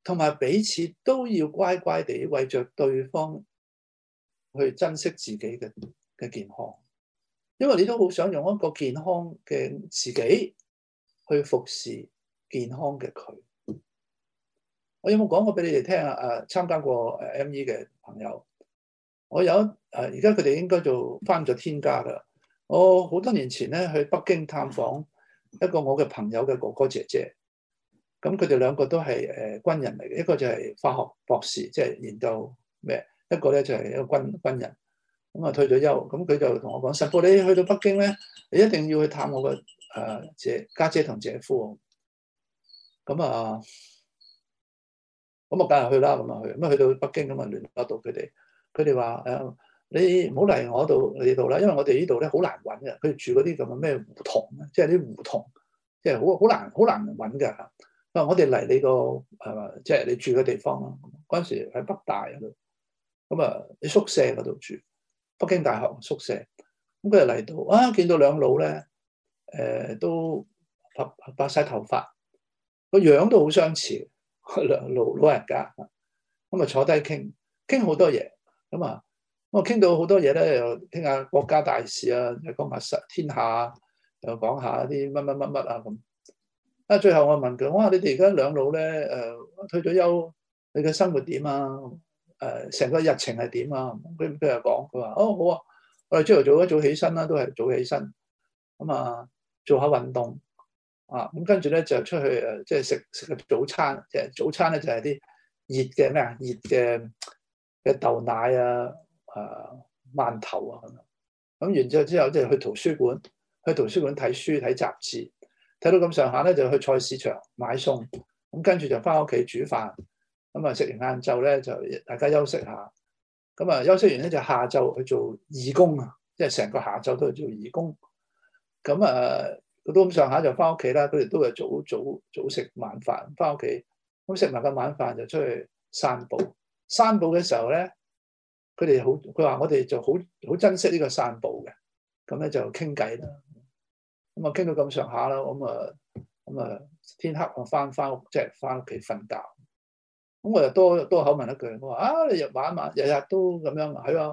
S3: 同埋彼此都要乖乖地為着對方去珍惜自己嘅嘅健康，因為你都好想用一個健康嘅自己去服侍健康嘅佢。我有冇講過俾你哋聽啊？誒，參加過誒 M.E. 嘅朋友，我有誒，而家佢哋應該做翻咗添加啦。我好多年前咧去北京探訪一個我嘅朋友嘅哥哥姐姐，咁佢哋兩個都係誒、呃、軍人嚟嘅，一個就係化學博士，即係研究咩，一個咧就係、是、一個軍軍人。咁啊，退咗休，咁佢就同我講：實傅，你去到北京咧，你一定要去探我個誒姐、家姐同姐夫。咁啊，咁啊，梗係去啦，咁啊去。咁啊，去到北京咁啊，聯絡到佢哋。佢哋話：誒、啊，你唔好嚟我度，你度啦，因為我哋呢度咧好難揾嘅。佢住嗰啲咁嘅咩胡同咧，即係啲胡同，即係好好難、好難揾嘅。啊，我哋嚟你個係嘛，即係你住嘅地方啦。嗰陣時喺北大度，咁啊，喺宿舍嗰度住。北京大學宿舍，咁佢又嚟到啊，見到兩老咧，誒、呃、都白白晒頭髮，個樣都好相似，兩老老人家，咁啊坐低傾，傾好多嘢。咁啊，我傾到好多嘢咧，又傾下國家大事啊，又講埋世天下，又講下啲乜乜乜乜啊咁。啊最後我問佢，哇，你哋而家兩老咧，誒、呃、退咗休，你嘅生活點啊？誒，成個日程係點啊？佢佢又講，佢話哦好啊，我哋朝頭早一早起身啦，都係早起身，咁啊做下運動啊，咁跟住咧就出去誒，即係食食個早餐，即係早餐咧就係啲熱嘅咩啊，熱嘅嘅豆奶啊，誒、啊、饅頭啊咁，咁、啊、完咗之後即係去圖書館，去圖書館睇書睇雜誌，睇到咁上下咧就去菜市場買餸，咁跟住就翻屋企煮飯。咁啊，食、嗯、完晏晝咧就大家休息下，咁、嗯、啊休息完咧就下晝去做義工啊，即係成個下晝都去做義工。咁、嗯、啊，佢都咁上下就翻屋企啦。佢哋都係早早早食晚飯，翻屋企。咁食埋個晚飯就出去散步。散步嘅時候咧，佢哋好，佢話我哋就好好珍惜呢個散步嘅。咁、嗯、咧就傾偈啦。咁、嗯、啊，傾到咁上下啦，咁、嗯、啊，咁、嗯、啊，天黑我翻翻屋，即係翻屋企瞓覺。咁我又多多口問一句，我話啊，你日玩一晚，日日都咁樣，係啊。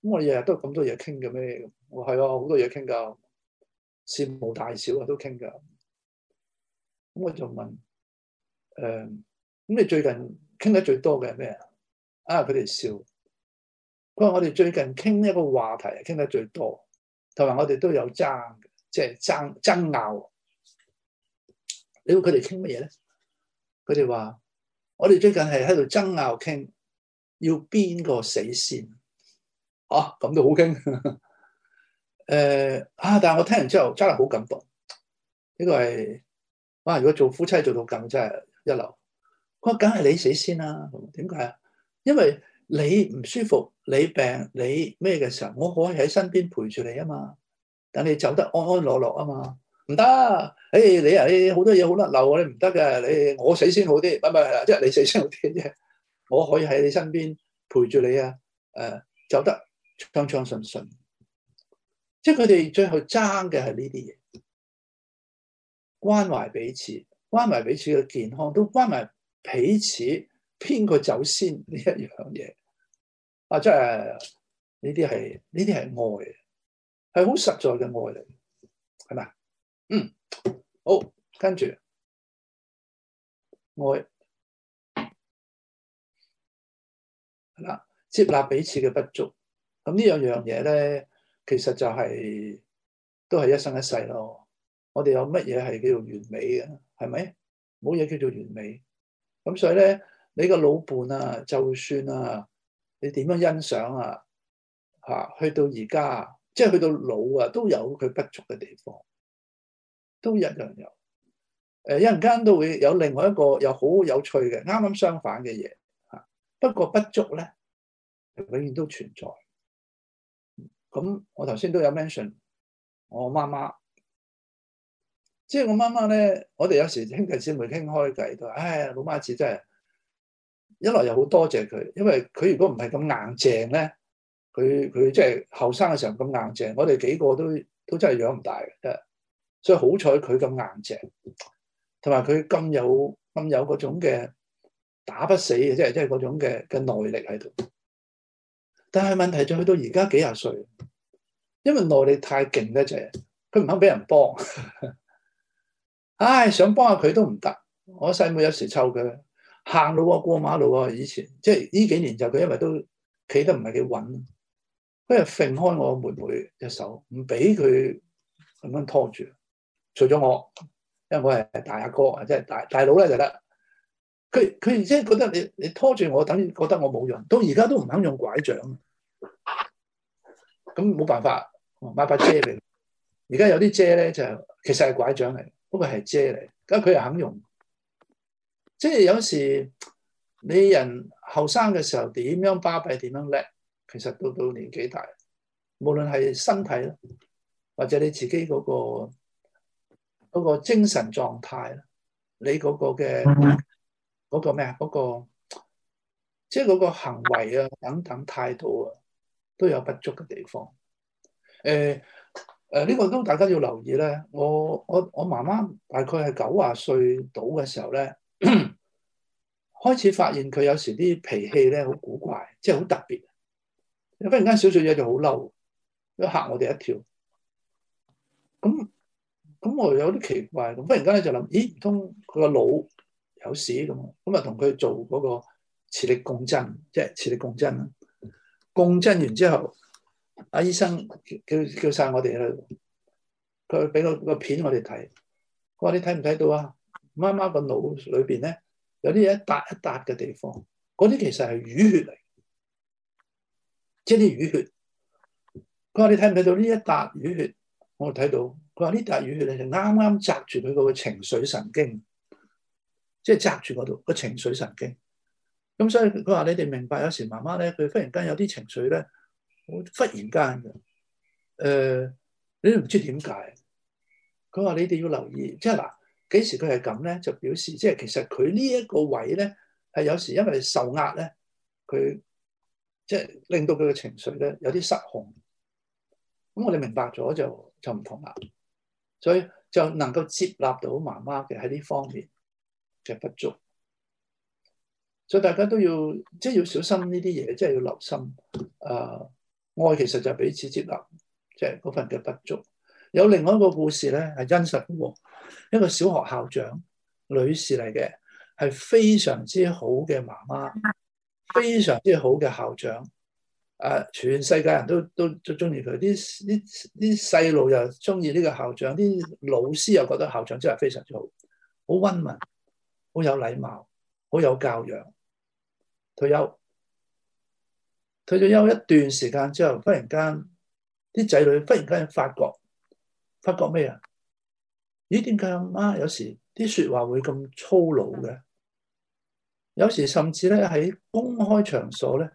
S3: 咁我哋日日都有咁多嘢傾嘅咩？我係啊，好多嘢傾噶，事無大小啊都傾噶。咁我就問誒，咁、呃、你最近傾得最多嘅係咩啊？啊，佢哋笑。佢話我哋最近傾呢一個話題，傾得最多，同埋我哋都有爭即係、就是、爭，爭爭拗。你估佢哋傾乜嘢咧？佢哋話。我哋最近係喺度爭拗傾，要邊個死先？啊咁都好傾。誒啊！但係我聽完之後真係好感動。呢個係哇！如果做夫妻做到咁，真係一流。我梗係你死先、啊、啦。點解啊？因為你唔舒服、你病、你咩嘅時候，我可以喺身邊陪住你啊嘛。等你走得安安樂樂啊嘛。唔得，誒，你啊，你好多嘢好甩漏，你唔得㗎。你我死先好啲，係係，即係你死先好啲啫。我可以喺你身邊陪住你啊，誒，走得暢暢順順，即係佢哋最後爭嘅係呢啲嘢，關懷彼此，關懷彼此嘅健康，都關懷彼此邊個走先呢一樣嘢，啊即係呢啲係呢啲係愛，係好實在嘅愛嚟，係咪？好，跟住愛係啦，接納彼此嘅不足。咁呢樣樣嘢咧，其實就係，都係一生一世咯。我哋有乜嘢係叫做完美嘅？係咪冇嘢叫做完美？咁所以咧，你個老伴啊，就算啊，你點樣欣賞啊，吓去到而家，即係去到老啊，都有佢不足嘅地方。都一樣有，誒，一陣間都會有另外一個又好有趣嘅，啱啱相反嘅嘢吓。不過不足咧，永遠都存在。咁我頭先都有 mention，我媽媽，即係我媽媽咧，我哋有時兄弟姊妹傾開偈，都，唉，老媽子真係，一來又好多謝佢，因為佢如果唔係咁硬淨咧，佢佢即係後生嘅時候咁硬淨，我哋幾個都都真係養唔大嘅。所以好彩佢咁硬淨，同埋佢咁有咁有嗰種嘅打不死，即係即係嗰種嘅嘅耐力喺度。但係問題就去到而家幾廿歲，因為耐力太勁咧，就係佢唔肯俾人幫。唉，想幫下佢都唔得。我細妹，妹有時湊佢行路啊，過馬路啊，以前即係呢幾年就佢，因為都企得唔係幾穩，佢就揈開我妹妹隻手，唔俾佢咁樣拖住。除咗我，因為我係大阿哥啊，即係大大佬咧就得。佢佢即係覺得你你拖住我，等於覺得我冇用。到而家都唔肯用拐杖，咁冇辦法買把遮嚟。而家有啲遮咧就其實係拐杖嚟，不過係遮嚟。咁佢又肯用，即係有時你人後生嘅時候點樣巴閉點樣叻，其實到到年紀大，無論係身體咯，或者你自己嗰個。嗰個精神狀態啦，你嗰個嘅嗰、嗰個咩啊？嗰、嗰個即係嗰個行為啊，等等態度啊，都有不足嘅地方。誒、呃、誒，呢、呃呢個都大家都要留意咧。我我我媽媽大概係九啊歲到嘅時候咧， 開始發現佢有時啲脾氣咧好古怪，即係好特別。忽然間少少嘢就好嬲，都嚇我哋一跳。咁。咁我有啲奇怪，咁忽然間咧就諗，咦唔通佢個腦有事咁？咁啊同佢做嗰個磁力共振，即係磁力共振啦。共振完之後，阿醫生叫叫曬我哋去，佢俾到個片我哋睇。佢話你睇唔睇到啊？媽媽個腦裏邊咧有啲嘢一笪一笪嘅地方，嗰啲其實係淤血嚟，即係啲淤血。佢話你睇唔睇到呢一笪淤血？我睇到。佢話呢啖語氣咧就啱啱扎住佢個情緒神經，即係扎住嗰度個情緒神經。咁所以佢話你哋明白，有時媽媽咧佢忽然間有啲情緒咧，好忽然間嘅。誒、呃，你都唔知點解。佢話你哋要留意，即係嗱幾時佢係咁咧，就表示即係其實佢呢一個位咧係有時因為受壓咧，佢即係令到佢嘅情緒咧有啲失控。咁我哋明白咗就就唔同啦。所以就能夠接納到媽媽嘅喺呢方面嘅不足，所以大家都要即係、就是、要小心呢啲嘢，即、就、係、是、要留心。誒、呃，愛其實就係彼此接納，即係嗰份嘅不足。有另外一個故事咧，係真實嘅，一個小學校長女士嚟嘅，係非常之好嘅媽媽，非常之好嘅校長。啊！全世界人都都都中意佢，啲啲啲細路又中意呢個校長，啲老師又覺得校長真係非常之好，好溫文，好有禮貌，好有教養。退休，退咗休一段時間之後，忽然間啲仔女忽然間發覺，發覺咩啊？咦，點解阿媽有時啲說話會咁粗魯嘅？有時甚至呢喺公開場所呢。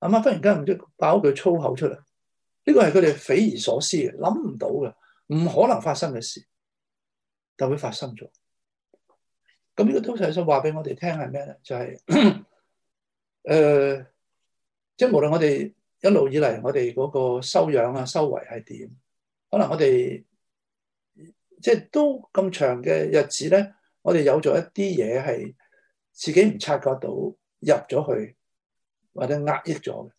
S3: 阿媽，媽忽然間唔知爆佢句粗口出嚟，呢個係佢哋匪夷所思嘅，諗唔到嘅，唔可能發生嘅事，就會發生咗。咁呢個通常想話俾我哋聽係咩咧？就係誒，即係無論我哋一路以嚟，我哋嗰個修養啊、修為係點，可能我哋即係都咁長嘅日子咧，我哋有咗一啲嘢係自己唔察覺到入咗去。或者壓抑咗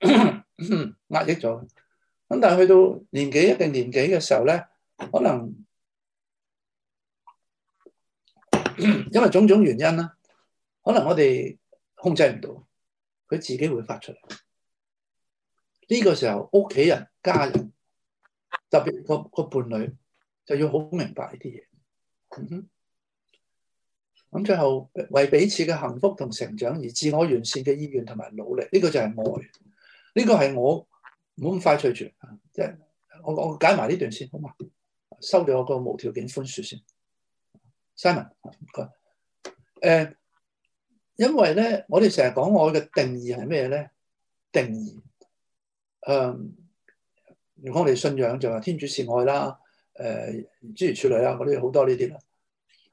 S3: 嘅，壓抑咗嘅。咁但係去到年紀一定年紀嘅時候咧，可能因為種種原因啦，可能我哋控制唔到，佢自己會發出嚟。呢個時候屋企人、家人，特別個個伴侶，就要好明白呢啲嘢。嗯。咁最後為彼此嘅幸福同成長而自我完善嘅意願同埋努力，呢、這個就係愛，呢、這個係我冇咁快脆住，即係我我解埋呢段先，好嘛？收咗我個無條件寬恕先，Simon，唔該。誒、呃，因為咧，我哋成日講愛嘅定義係咩咧？定義，誒、呃，如果我哋信仰就話天主是愛啦，誒、呃，諸如此類啊，嗰啲好多呢啲啦。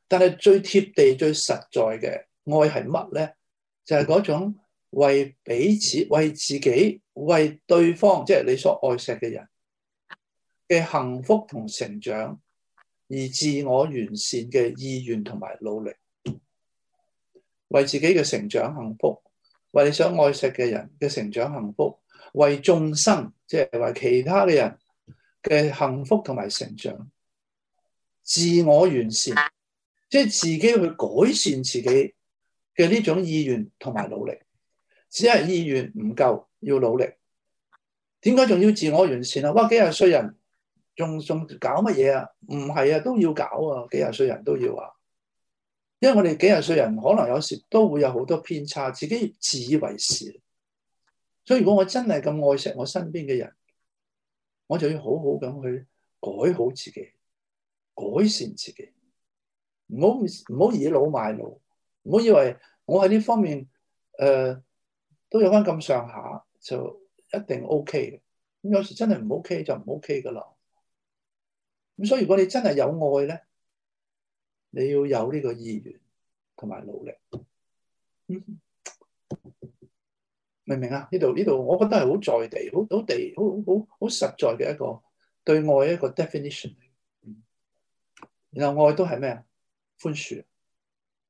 S3: 但係最貼地、最實在嘅愛係乜咧？就係嗰種為彼此、為自己、為對方，即係你所愛錫嘅人嘅幸福同成長而自我完善嘅意願同埋努力，為自己嘅成長幸福，為你想愛錫嘅人嘅成長幸福，為眾生，即係為其他嘅人嘅幸福同埋成長，自我完善。即係自己去改善自己嘅呢種意願同埋努力，只係意願唔夠，要努力。點解仲要自我完善啊？哇，幾廿歲人仲仲搞乜嘢啊？唔係啊，都要搞啊，幾廿歲人都要啊。因為我哋幾廿歲人可能有時都會有好多偏差，自己自以為是。所以如果我真係咁愛惜我身邊嘅人，我就要好好咁去改好自己，改善自己。唔好唔好以老賣老，唔好以為我喺呢方面誒、呃、都有翻咁上下就一定 OK 嘅。咁有時真係唔 OK 就唔 OK 噶啦。咁所以如果你真係有愛咧，你要有呢個意願同埋努力。嗯、明唔明啊？呢度呢度，我覺得係好在地、好好地、好好好實在嘅一個對愛一個 definition、嗯、然後愛都係咩啊？寬恕，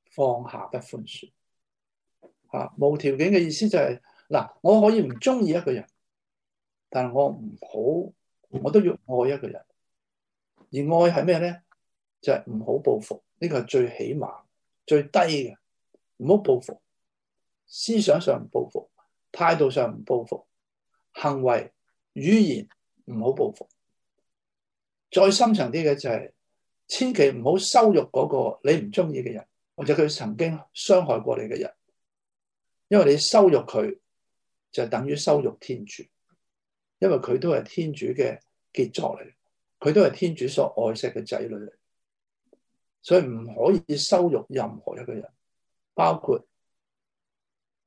S3: 放下不寬恕，吓無條件嘅意思就係嗱，我可以唔中意一個人，但係我唔好，我都要愛一個人。而愛係咩咧？就係唔好報復，呢個係最起碼、最低嘅，唔好報復。思想上唔報復，態度上唔報復，行為、語言唔好報復。再深層啲嘅就係。千祈唔好羞辱嗰個你唔中意嘅人，或者佢曾經傷害過你嘅人，因為你羞辱佢就等於羞辱天主，因為佢都係天主嘅傑作嚟，佢都係天主所愛惜嘅仔女嚟，所以唔可以羞辱任何一個人，包括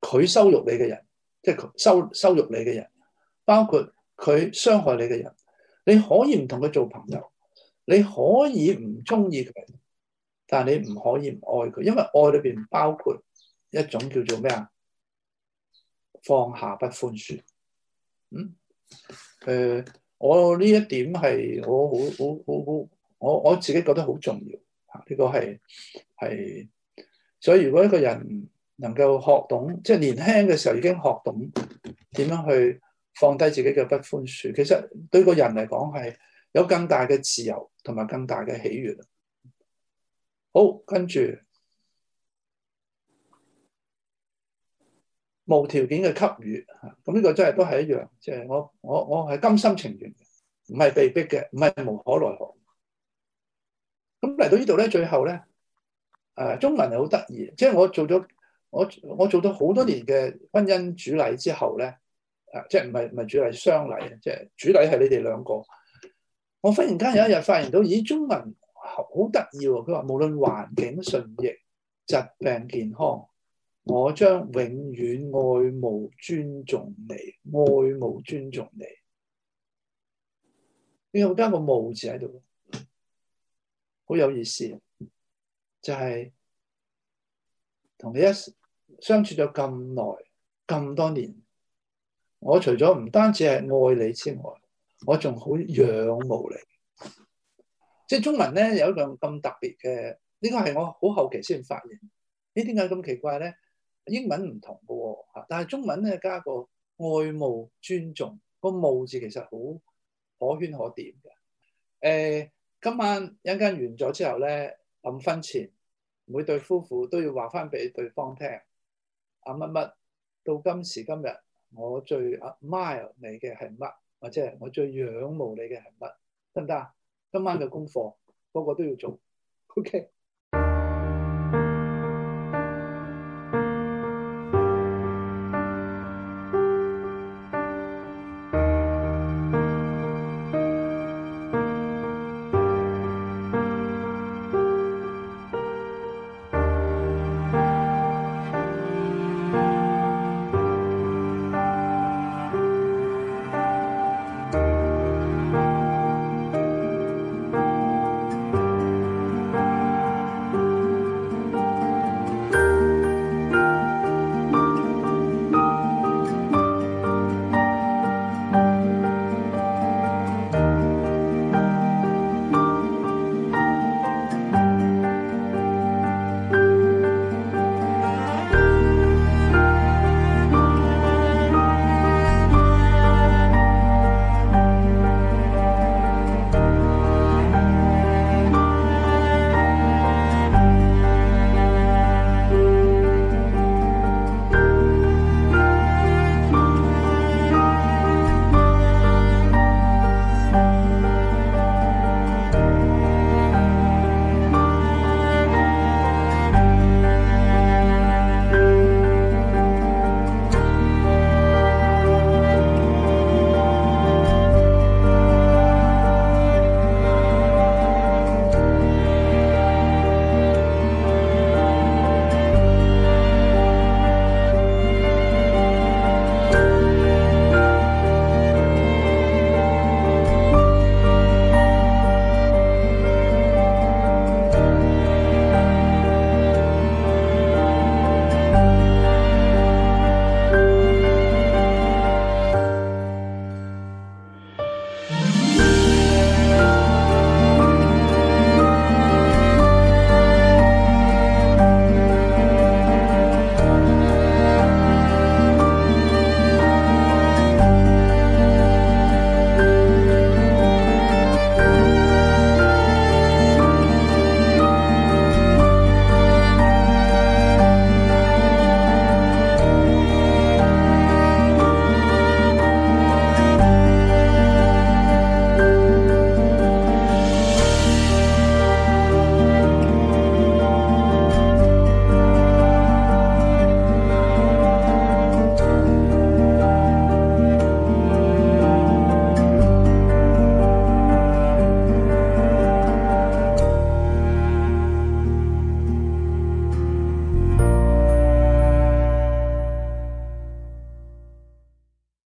S3: 佢羞辱你嘅人，即係佢羞辱你嘅人，包括佢傷害你嘅人，你可以唔同佢做朋友。你可以唔中意佢，但係你唔可以唔愛佢，因為愛裏邊包括一種叫做咩啊？放下不寬恕。嗯，誒、呃，我呢一點係我好好好好，我我自己覺得好重要啊！呢、這個係係，所以如果一個人能夠學懂，即、就、係、是、年輕嘅時候已經學懂點樣去放低自己嘅不寬恕，其實對個人嚟講係有更大嘅自由。同埋更大嘅喜悅。好，跟住無條件嘅給予，咁呢個真係都係一樣，即係我我我係甘心情願嘅，唔係被逼嘅，唔係無可奈何。咁嚟到呢度咧，最後咧，誒中文係好得意，即係我做咗我我做咗好多年嘅婚姻主禮之後咧，誒即係唔係唔係主禮雙禮，即係主禮係你哋兩個。我忽然間有一日發現到，咦，中文好得意喎！佢話無論環境、順逆、疾病、健康，我將永遠愛慕、尊重你，愛慕、尊重你。呢個好加個慕字喺度，好有意思，就係、是、同你一相處咗咁耐、咁多年，我除咗唔單止係愛你之外。我仲好仰慕你，即係中文咧有一個咁特別嘅，呢、這個係我好後期先發現，咦、欸，點解咁奇怪咧？英文唔同㗎喎，吓！但係中文咧加個愛慕尊重，個慕字其實好可圈可點嘅。誒、欸，今晚一陣間完咗之後咧，臨婚前每對夫婦都要話翻俾對方聽，阿乜乜到今時今日，我最 admire 你嘅係乜？或者係我最仰慕你嘅係乜得唔得啊？今晚嘅功課，個個 都要做，OK。